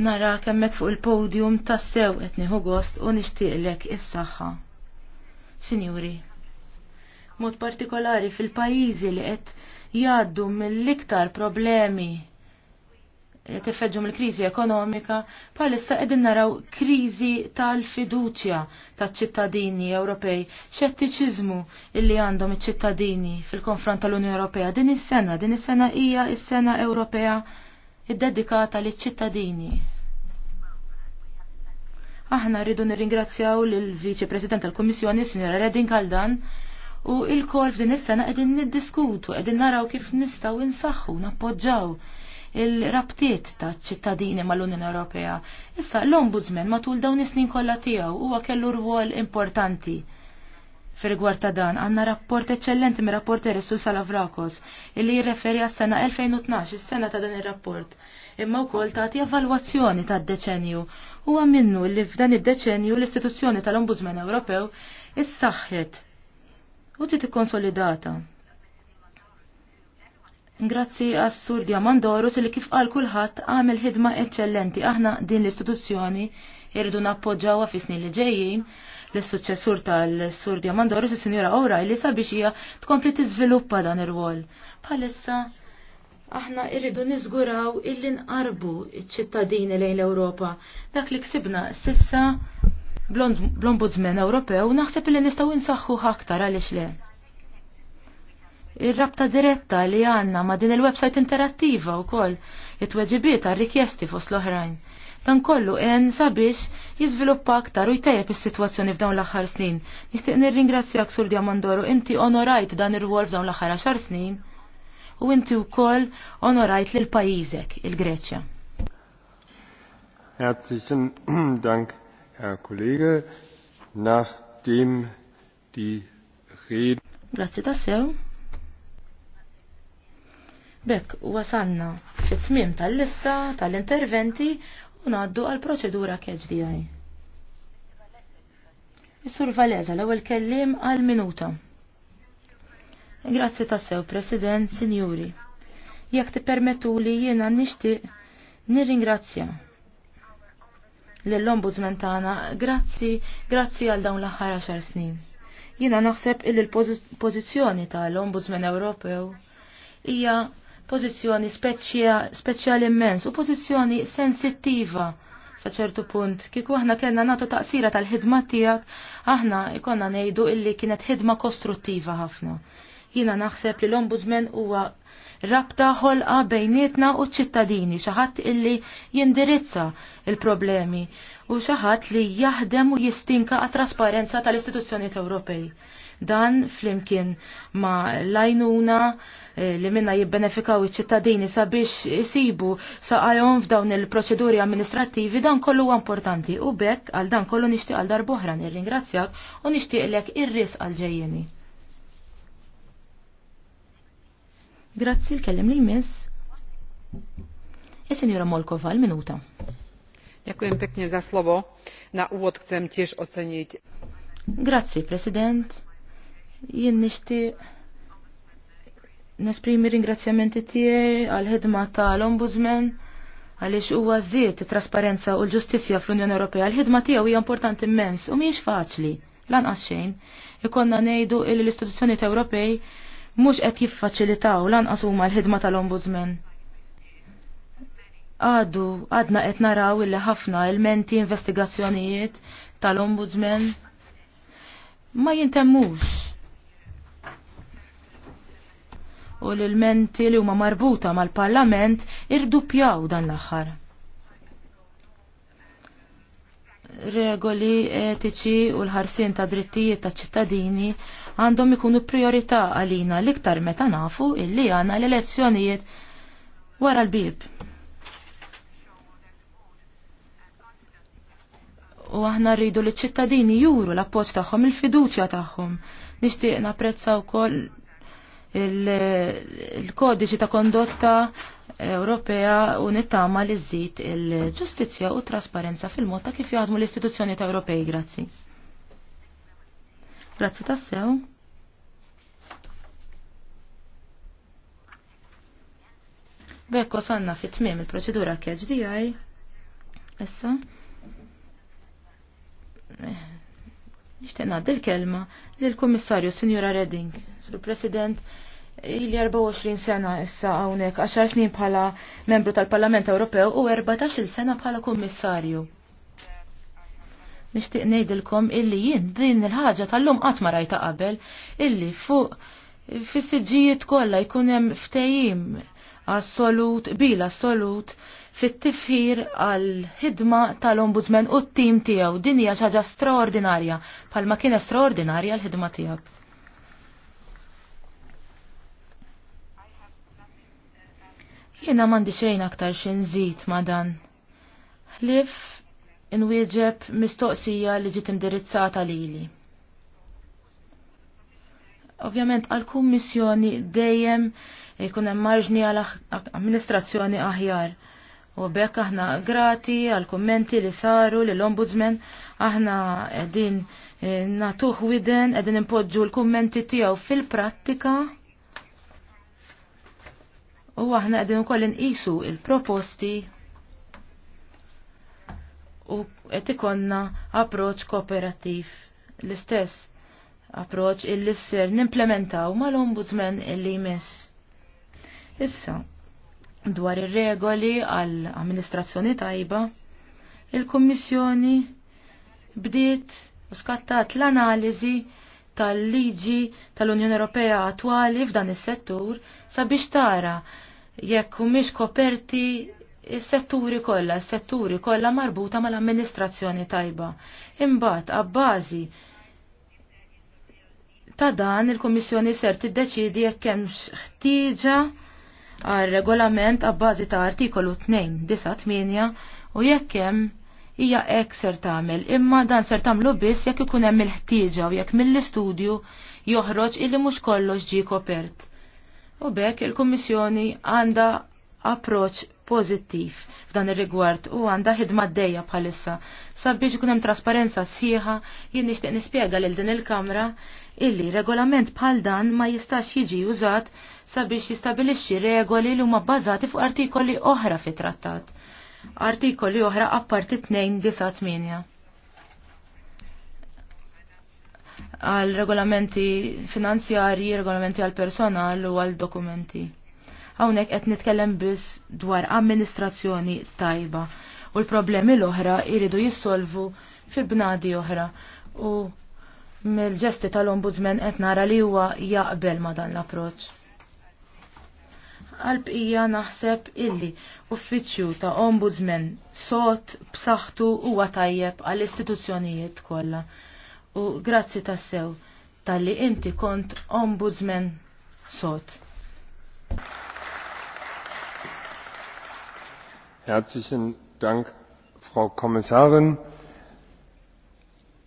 nara kemmek fuq il-podium tassew qed nieħu gost u nixtieqlek is-saħħa. Sinjuri mod partikolari fil-pajjiżi li qed jgħaddu mill-iktar problemi li tifeġġu mill-kriżi ekonomika, palissa qegħdin naraw kriżi tal-fiduċja taċ-ċittadini Ewropej, xettiċiżmu illi għandhom iċ-ċittadini fil-konfront tal-Unjoni Ewropea. Din is-sena, din is-sena hija is-sena Ewropea iddedikata liċ-ċittadini. Aħna rridu nirringrazzjaw lill viċi President tal-Kummissjoni, Sinjora Redin Kaldan, u il-kol f'din is-sena qegħdin niddiskutu, qegħdin naraw kif nistgħu insaħħu, nappoġġaw il-rabtiet ta' ċittadini mal-Unjoni Ewropea. Issa l-Ombudsman matul dawn is-snin kollha tiegħu huwa kellu rwol importanti. Fir-rigward ta' dan għandna rapport eċċellenti mir rapporter Sul Salavrakos illi jirreferi għas-sena 2012, is-sena ta' dan ir-rapport. Imma wkoll tagħti evalwazzjoni tad-deċenju. Huwa minnu li f'dan id-deċenju l-istituzzjoni tal-Ombudsman Ewropew issaħħet u ti ikkonsolidata. Grazzi għas-Sur Diamandorus li kif għal kulħadd għamel ħidma eċċellenti aħna din l-istituzzjoni irridu nappoġġawha fi snin li ġejjin l-suċċessur tal-Sur Diamandorus is-Sinjura Ora li sabiex hija tkompli tiżviluppa dan ir wol Palissa aħna irridu niżguraw illi nqarbu iċ-ċittadini lejn l-Ewropa. Dak li ksibna sissa bl-Ombudsman Ewropew naħseb li nistgħu nsaħħu aktar għaliex le. Ir-rabta diretta li għandna ma' din il-website interattiva wkoll it-tweġibiet għar-rikjesti fost l-oħrajn. Dan kollu en sabiex jiżviluppa aktar u jtejjeb is-sitwazzjoni f'dawn l-aħħar snin. Nixtieq nirringrazzjak Sur Diamandoru inti onorajt dan ir-rwol f'dawn l-aħħar għaxar snin u inti wkoll onorajt lil pajjiżek, il-Greċja. Grazie, Dank. Herr Kollege. Nachdem die Reden. Grazie Bekk, wasanna fit-tmim tal-lista tal-interventi u naddu għal-proċedura KHDI. Is-sur Valeza l-ewwel kellim għal-minuta. Grazzi sew President, Sinjuri. Jekk tippermettu li nishti nir nirringrazzja l-ombudsman tagħna grazzi, grazzi għal dawn l-aħħar 10 snin. Jiena naħseb il l-pożizzjoni tal-Ombudsman Ewropew hija pożizzjoni speċjali immens u pożizzjoni sensittiva sa ċertu punt. Kieku aħna kellna nagħtu taqsira tal-ħidma tiegħek, aħna ikonna ngħidu illi kienet ħidma kostruttiva ħafna. Jiena naħseb li l-Ombudsman huwa rabta ħolqa bejnietna u ċittadini, xaħat illi jindirizza il-problemi u xaħat li jaħdem u jistinka għat trasparenza tal-istituzzjoniet Ewropej. Dan flimkien ma lajnuna eh, li minna jibbenefikaw iċ-ċittadini sabiex isibu saqajhom f'dawn il-proċeduri amministrattivi dan kollu importanti u bekk għal dan kollu nixtieq għal darbohra nirringrazzjak u nishtiq lek ir-ris għal ġejjeni. Grazzi l-kellem li jmiss. is Molkova, l-minuta. Dziękuję pięknie za słowo. Na uwod chcę też ocenić. Grazzi, President. Jien nixtieq nesprimi ringrazzjamenti tiegħi għal-ħidma tal-Ombudsman għaliex huwa żied trasparenza u l-ġustizzja fl-Unjoni Ewropea. L-ħidma tiegħu hija importanti immens u mhijiex faċli lanqas xejn. Ikonna ngħidu il l-istituzzjonijiet Ewropej mhux qed jiffaċilitaw lanqas huma l-ħidma tal-Ombudsman. Għadu, għadna qed naraw illi ħafna elementi investigazzjonijiet tal-Ombudsman ma jintemmux. U l-elementi li huma marbuta mal-Parlament irdupjaw dan l-aħħar. regoli etiċi u l-ħarsin ta' drittijiet ta' ċittadini għandhom ikunu priorità għalina l-iktar meta nafu illi għana l-elezzjonijiet wara l-bib. U aħna rridu li ċittadini juru l-appoġġ tagħhom il-fiduċja tagħhom. Nixtieq napprezza wkoll il-kodiċi ta' kondotta Ewropea u nittama li żżid il-ġustizzja u trasparenza fil-mod ta' kif jaħdmu l-istituzzjoni ta' Ewropej. Grazzi. Grazie tassew. Bekk wasalna fit tmiem il-proċedura KHDI. Issa. Nixtieq ngħaddi l-kelma lill-Kummissarju Sinjura Redding, sur President il 24 sena issa hawnhekk 10 snin bħala membru tal-Parlament Ewropew u 14-il sena bħala kummissarju nixtieq ngħidilkom illi jien din il-ħaġa tal-lum qatt ma rajta qabel illi fuq fis-siġijiet kollha jkun hemm ftehim assolut, bil assolut fit-tifħir għal ħidma tal-ombudsman u t-tim tiegħu. Din hija xi ħaġa straordinarja bħalma kien straordinarja l-ħidma tijaw. Jiena m'għandi xejn aktar xi nżid ma' dan. Ħlif inwieġeb mistoqsija li ġiet indirizzata lili. Ovvjament għal-kummissjoni dejjem jkun hemm marġni għal amministrazzjoni aħjar. U bekk aħna grati għal kummenti li saru li l-ombudsman aħna qegħdin eh, natuħ widen qegħdin impoġġu l-kummenti tiegħu fil-prattika. U aħna qegħdin ukoll inqisu il-proposti u qed ikonna approċ kooperattiv l-istess approċ illi s nimplementaw mal-ombudsman illi jmiss. Issa, dwar ir-regoli għall amministrazzjoni tajba, il-Kummissjoni bdiet u skattat l-analiżi tal-liġi tal-Unjoni Ewropea attwali f'dan is-settur sabiex tara jekk mhix koperti is-setturi kollha, il setturi kollha marbuta mal-amministrazzjoni tajba. Imbagħad abbażi ta' dan il-Kummissjoni ser tiddeċidi jekk hemm ħtieġa għal regolament abbażi ta' artikolu 298 u jekk hemm hija hekk ser tagħmel, imma dan ser tagħmlu biss jekk ikun hemm il-ħtieġa u jekk mill-istudju joħroġ illi mhux kollox ġie kopert. U bekk il-Kummissjoni għandha approċċ pożittiv f'dan ir-rigward u għandha ħidma d-dejja bħalissa. Sabiex ikun hemm trasparenza sħiħa, jien nixtieq nispjega lil din il-Kamra illi regolament bħal dan ma jistax jiġi użat sabiex jistabilixxi regoli li huma bbażati fuq artikoli oħra fit-trattat. Artikoli oħra apparti 298 għal regolamenti finanzjarji, regolamenti għal personal u għal dokumenti. Hawnhekk qed nitkellem biss dwar amministrazzjoni tajba u l-problemi l-oħra jridu jissolvu fi bnadi oħra u mill-ġesti tal-ombudsman qed nara li huwa jaqbel ma dan l-approċċ. Għalbqija naħseb illi uffiċċju ta' ombudsman sot b'saħħtu huwa tajjeb għall-istituzzjonijiet kollha. U grazzi tassew tal-li inti kont ombudsman sot. Herzlichen Dank, Frau Kommissarin.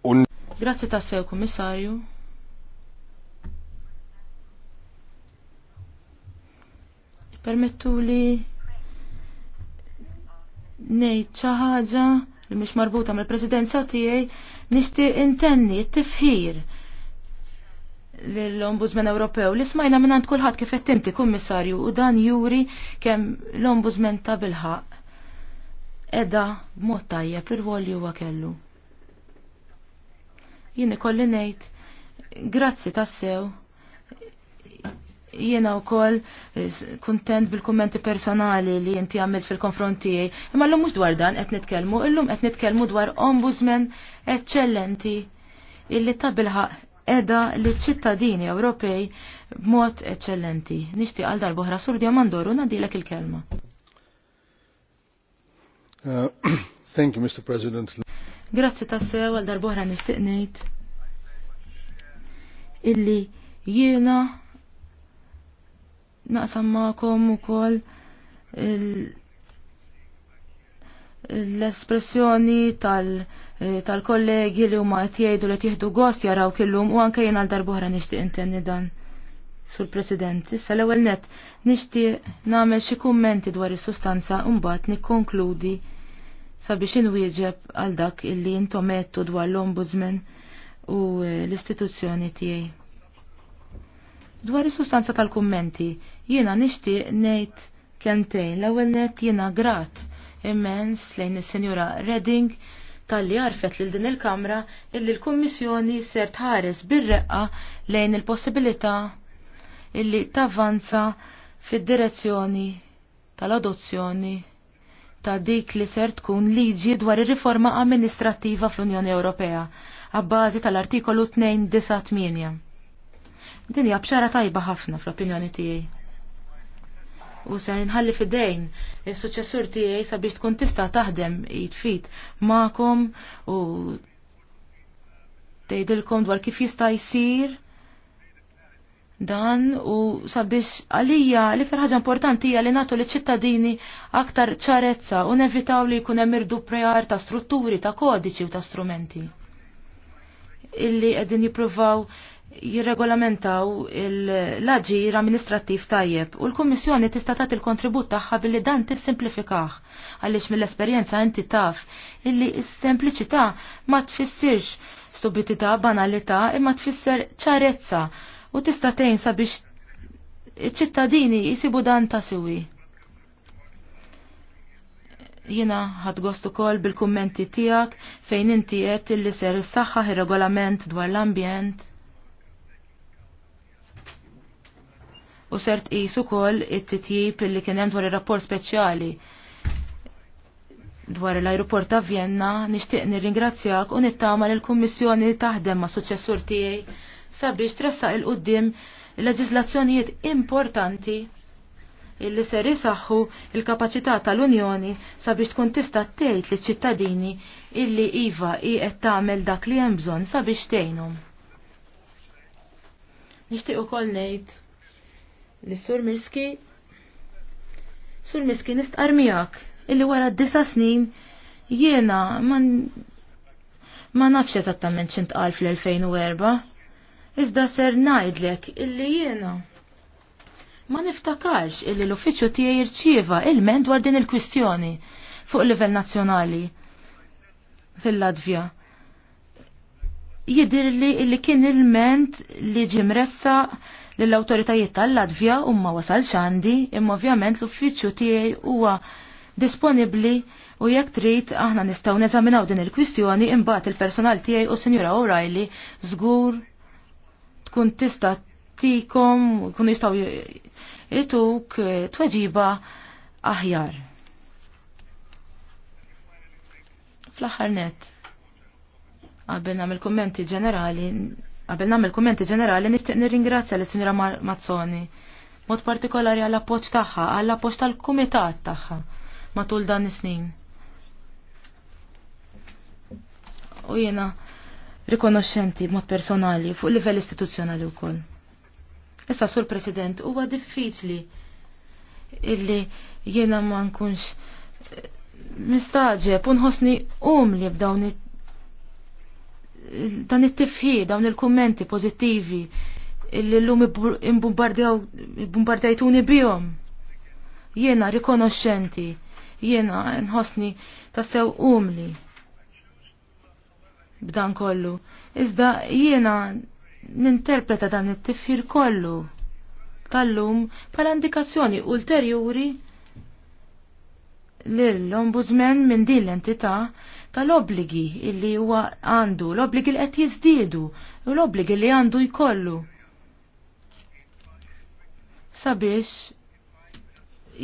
Und Grazie tassew, Kommissarju. Permettu li nejt xi ħaġa li mhix marbuta mal-presidenza tiegħi nixtieq intenni t-tifħir l-Ombudsman Ewropew li smajna minn għand kulħadd kif qed inti kummissarju u dan juri kemm l-Ombudsman ta' bilħaq edha b'mod tajjeb ir-rwol li huwa kellu. Jien ikolli ngħid grazzi tassew jiena u koll eh, kontent bil-kommenti personali li jinti għamil fil-konfrontijaj. Imma l-lum mux dwar dan qed nitkellmu, lum qed nitkellmu dwar ombudsman eccellenti illi ta' bilħaq edha li ċittadini Ewropej b'mod eccellenti. Nixtieq għal darbohra sur mandoru nadilek il-kelma. Uh, thank you, Mr. President. Grazzi tassew għal darbohra nistiqnejt illi jiena naqsam ma'kom u kol l-espressjoni eh, tal-kollegi li huma qed jgħidu li jieħdu gost jaraw killum u anke jien għal darbohra nixtieq intenni dan sur President. Issa l-ewwel net nixtieq nagħmel xi kummenti dwar is-sustanza u mbagħad nikkonkludi sabiex inwieġeb għal dak illi intomettu dwar l-ombudsman u eh, l-istituzzjoni tiegħi. Dwar is-sustanza tal-kummenti, jiena nixtieq ngħid kentejn l-ewwel net jiena grat immens lejn is-Sinjura Redding tal-li għarfet lil din il-Kamra illi l-Kummissjoni ser tħares bir-reqqa lejn il-possibilità illi tavvanza fid-direzzjoni tal-adozzjoni ta' dik li ser tkun liġi dwar ir-riforma amministrattiva fl-Unjoni Ewropea għabbażi tal-artikolu 298. Din hija bċara tajba ħafna fl-opinjoni tiegħi. U ser inħalli fidejn is-suċessur tiegħi sabiex tkun tista' taħdem jitfit magħkom u tgħidilkom dwar kif jista' jsir dan u sabiex għalija l-iktar ħaġa importanti hija li nagħtu ċittadini aktar ċarezza u nevitaw li jkun hemm irdu prejar ta' strutturi, ta' kodiċi u ta' strumenti illi qegħdin jippruvaw jirregolamentaw l-aġir amministrattiv tajjeb u l-Kummissjoni tista' tagħti l-kontribut tagħha billi dan tissimplifikah għaliex mill-esperjenza inti taf illi s-sempliċità ma tfissirx stupidità, banalità imma tfisser ċarezza u tista' tejn sabiex ċittadini jisibu dan ta' siwi. Jina ħad gost ukoll bil-kummenti tiegħek fejn inti jett illi ser s ir-regolament dwar l-ambjent. U ser tqis ukoll it-titjib illi kien hemm dwar ir-rapport speċjali dwar l-aeroport ta' Vienna nixtieq nirringrazzjak u nittama l-Kummissjoni taħdem ma' suċessur tiegħi sabiex tressaq il-qoddim leġislazzjonijiet importanti illi ser isaħħu il-kapacità tal-Unjoni sabiex tkun tista' tgħid liċ-ċittadini illi iva i qed tagħmel dak li hemm bżonn sabiex tgħinhom. Nixtieq ukoll ngħid li Sur Miski: Sur Miski nistqar miegħek illi wara disa snin jiena ma nafx eżattament x'intqal fl-2004 Iżda ser najdlek illi jiena. Ma niftakarx illi l-uffiċċju tiegħi jirċieva ilment dwar din il-kwistjoni fuq livell nazzjonali fil-Latvja. Jidir li illi kien il-ment li ġimressa l-autoritajiet tal-Latvja u ma wasal xandi, imma ovvjament l-uffiċċju tiegħi huwa disponibli u jekk trid aħna nistgħu neżaminaw din il-kwistjoni imbagħad il-personal tiegħi u Sinjura O'Reilly żgur tkun tista tikom kun jistaw jituk eh, tweġiba aħjar. Fl-aħħar net, għabel namil kummenti ġenerali, għabel nagħmel kummenti ġenerali nixtieq nirringrazzja lis sinjura Mazzoni, mod partikolari għall appoġġ tagħha, għall appoġġ tal-kumitat tagħha matul dan is-snin. U jena, rikonoxxenti mod personali fuq livell istituzzjonali wkoll. Issa sur President huwa diffiċli illi jiena ma nkunx eh, nistaġeb u nħossni umli f'dawn dan it-tifħi, dawn il-kummenti pożittivi illi l-lum imbombardajtuni bihom. Jiena rikonoxxenti, jiena nħossni tassew umli b'dan kollu. Iżda jiena ninterpreta dan it-tifħir kollu tal-lum bħala indikazzjoni ulterjuri l-ombudsman minn din l-entità tal-obligi illi huwa għandu, l-obligi li qed jiżdiedu, u l-obligi li għandu jkollu. Sabiex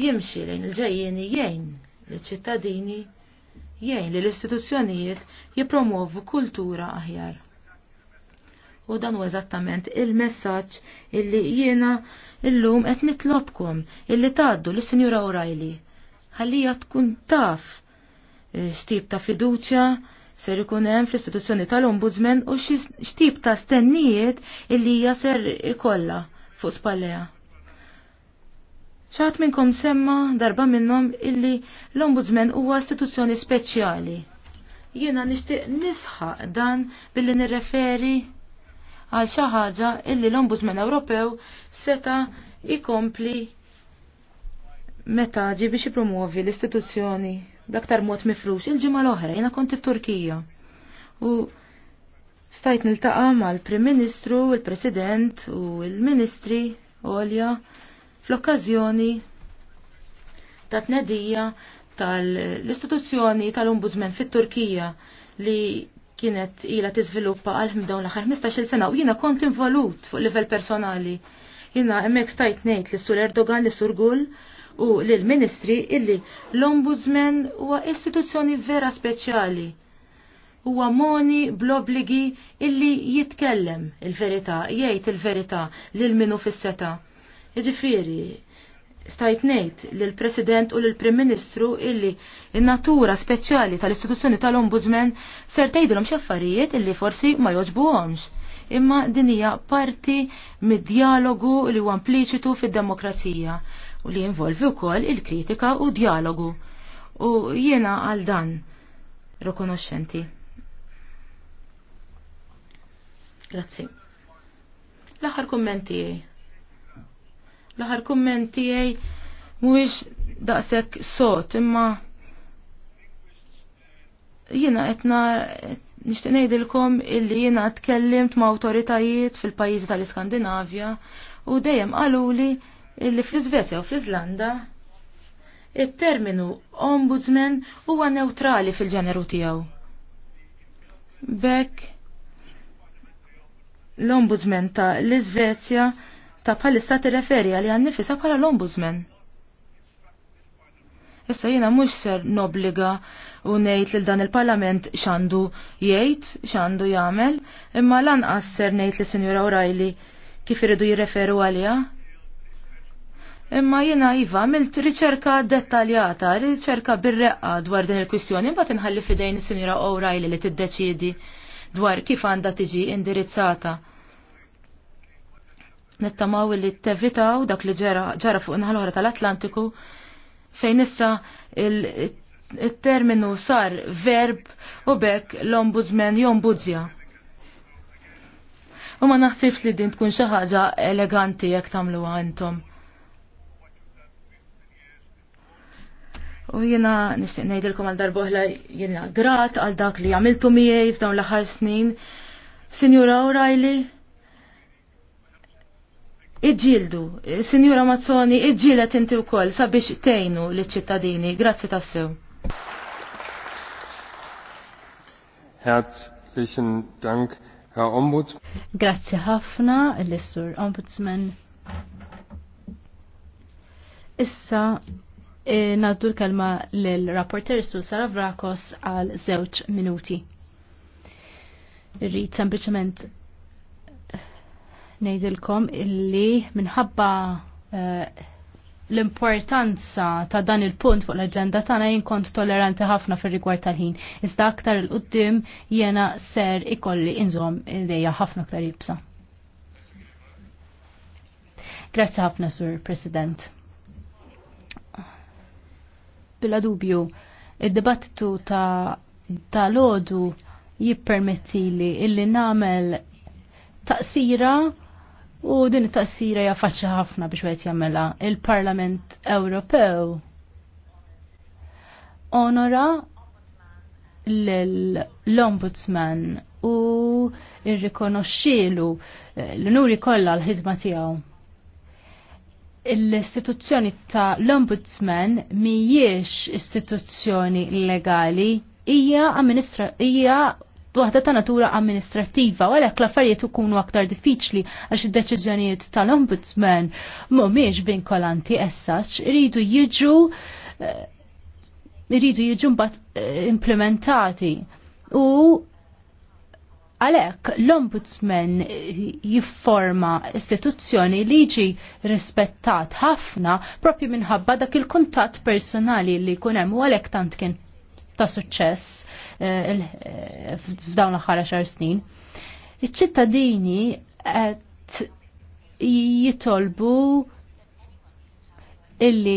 jimxi lejn il-ġejjeni jgħin li ċittadini jgħin li l-istituzzjonijiet jipromovu kultura aħjar. U dan u eżattament il-messaġġ illi jiena illum qed nitlobkom illi tgħaddu lis-Sinjura O'Reilly. Ħallija tkun taf eh, x'tip ta' fiduċja ser ikun hemm fl-istituzzjoni tal-Ombudsman u x'tip ta' stennijiet illi hija ser ikollha fuq spalleja ċat minnkom semma darba minnom illi l-ombudsman huwa istituzzjoni speċjali. Jiena nixtieq nisħaq dan billi nirreferi għal xi ħaġa illi l-Ombudsman Ewropew seta ikompli meta ġi biex jipromuovi l-istituzzjoni b'aktar mod mifrux il-ġimgħa l-oħra jiena kont it-Turkija. U stajt niltaqa' mal-Prim Ministru, il-President u l-Ministri Olja fl-okkażjoni ta' tnedija tal-istituzzjoni tal-Ombudsman fit-Turkija li kienet ila tiżviluppa għal dawn l-aħħar 15-il sena u jiena kont involut fuq livell personali. Jiena hemmhekk stajt ngħid li sur Erdogan li sur Gull u l ministri illi l-Ombudsman huwa istituzzjoni vera speċjali. Huwa moni blobligi illi jitkellem il-verità, jgħid il-verità lil minu fis-seta' Jiġifieri, stajt ngħid lill president u lill prim Ministru illi il natura speċjali tal-istituzzjoni tal-Ombudsman ser tejdilom x'affarijiet illi forsi ma jogħġbuhomx. Imma din hija parti mid-dialogu li huwa impliċitu fid-demokrazija u li jinvolvi wkoll il-kritika u dialogu. U jiena għal dan rikonoxxenti. Grazzi. L-aħħar kummenti L-aħar kumment tiegħi mhuwiex daqshekk sot imma jiena etna nixtieq ngħidilkom illi jiena tkellimt ma' awtoritajiet fil-pajjiżi tal-Iskandinavja u dejjem qaluli illi fl svezja u fl-Iżlanda il terminu ombudsman huwa neutrali fil-ġeneru tiegħu. Bekk l-ombudsman ta' l-Iżvezja ta' bħalissa tirreferi għalli għan nifisa bħala l-ombudsman. Issa jena mux ser nobliga u nejt li dan il-parlament xandu jgħid, xandu jagħmel, imma lanqas ser nejt li Sinjura O'Reilly kif iridu jirreferu għalija. Imma jena jiva milt riċerka dettaljata, riċerka bir-reqqa dwar din il-kwistjoni, mbagħad inħalli fidejn is-Sinjura O'Reilly li tiddeċiedi dwar kif għandha tiġi indirizzata. Nittamaw li tevitaw dak li ġara fuq naħal tal-Atlantiku fejn issa il-terminu sar verb u bekk l-ombudsman jombudzja. U ma naħsibx li din tkun xi ħaġa eleganti jekk tagħmluha intom. U jiena nixtieq ngħidilkom għal darbohla jiena grat għal dak li għamiltu miegħi f'dawn l-aħħar snin. Sinjura O'Reilly, iġildu, Signora Mazzoni, iġilet inti wkoll sabiex tejnu liċ ċittadini Grazzi tassew. Herzlichen Dank, Herr Ombudsman. Grazzi ħafna, l-Sur Ombudsman. Issa, eh, naddu l-kelma l-rapporter Sur Saravrakos għal żewġ minuti. Rrit sempliciment ngħidilkom illi minħabba eh, l-importanza ta' dan il-punt fuq l-agenda tagħna jien kont tolleranti ħafna fir-rigward tal-ħin. Iżda aktar l-qoddim jiena ser ikolli inżom id-deja ħafna aktar jibsa. Grazzi ħafna Sur President. Bila dubju, id-dibattitu ta' tal odu jippermetti li illi namel taqsira U din it-tassira hija faċċa ħafna biex wieħed jagħmilha il-Parlament Ewropew. Onora l-Ombudsman u irrikonoxxielu eh, l-unuri kollha l-ħidma tiegħu l-istituzzjoni ta' l-Ombudsman mhijiex istituzzjoni legali, hija hija waħda ta' natura amministrativa u għalhekk l-affarijiet ikunu aktar diffiċli għax id-deċiżjonijiet tal-Ombudsman mhumiex vinkolanti essaċ, iridu jiġu eh, iridu jiġu mbagħad eh, implementati. U Għalek, l-ombudsman jifforma istituzzjoni li ġi rispettat ħafna propju minħabba dak il-kuntat personali li kunem u għalek tant kien ta' suċċess. Eh, eh, f'dawn l-aħħar xar snin. Iċ-ċittadini qed jitolbu illi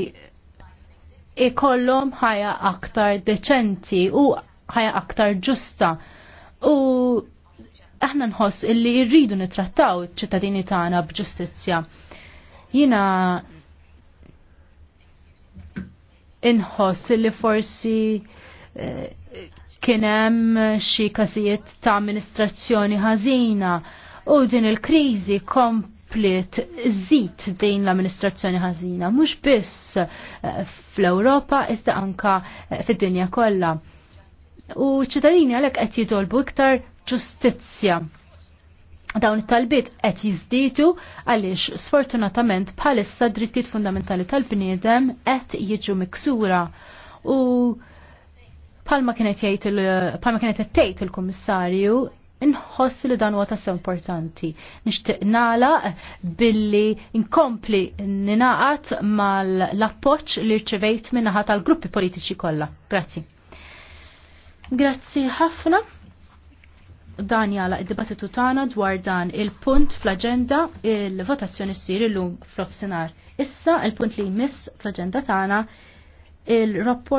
ikollhom ħajja aktar deċenti u ħajja aktar ġusta u aħna nħoss illi rridu nitrattaw ċittadini tagħna b'ġustizzja. Jina inħoss illi forsi eh, kienem xi każijiet ta' amministrazzjoni ħażina u din il-kriżi komplet żid din l-amministrazzjoni ħażina mhux biss eh, fl-Ewropa iżda anka eh, fid-dinja kollha. U ċittadini għalhekk qed jitolbu iktar ġustizzja. Dawn it-talbiet qed jiżdietu għaliex sfortunatament bħalissa drittijiet fundamentali tal-bniedem qed jiġu miksura u Palma kienet jajt il-palma tgħid il-Kummissarju inħoss li dan huwa tassew importanti. Nixtieq nagħlaq billi nkompli ninaqat mal-appoġġ li rċivejt min-naħa tal-gruppi politiċi kollha. Grazzi. Grazzi ħafna. Dan jala id-dibattitu tagħna dwar dan il-punt fl agenda il-votazzjoni ssir illum fl Issa il-punt li jmiss fl agenda tagħna il-rapport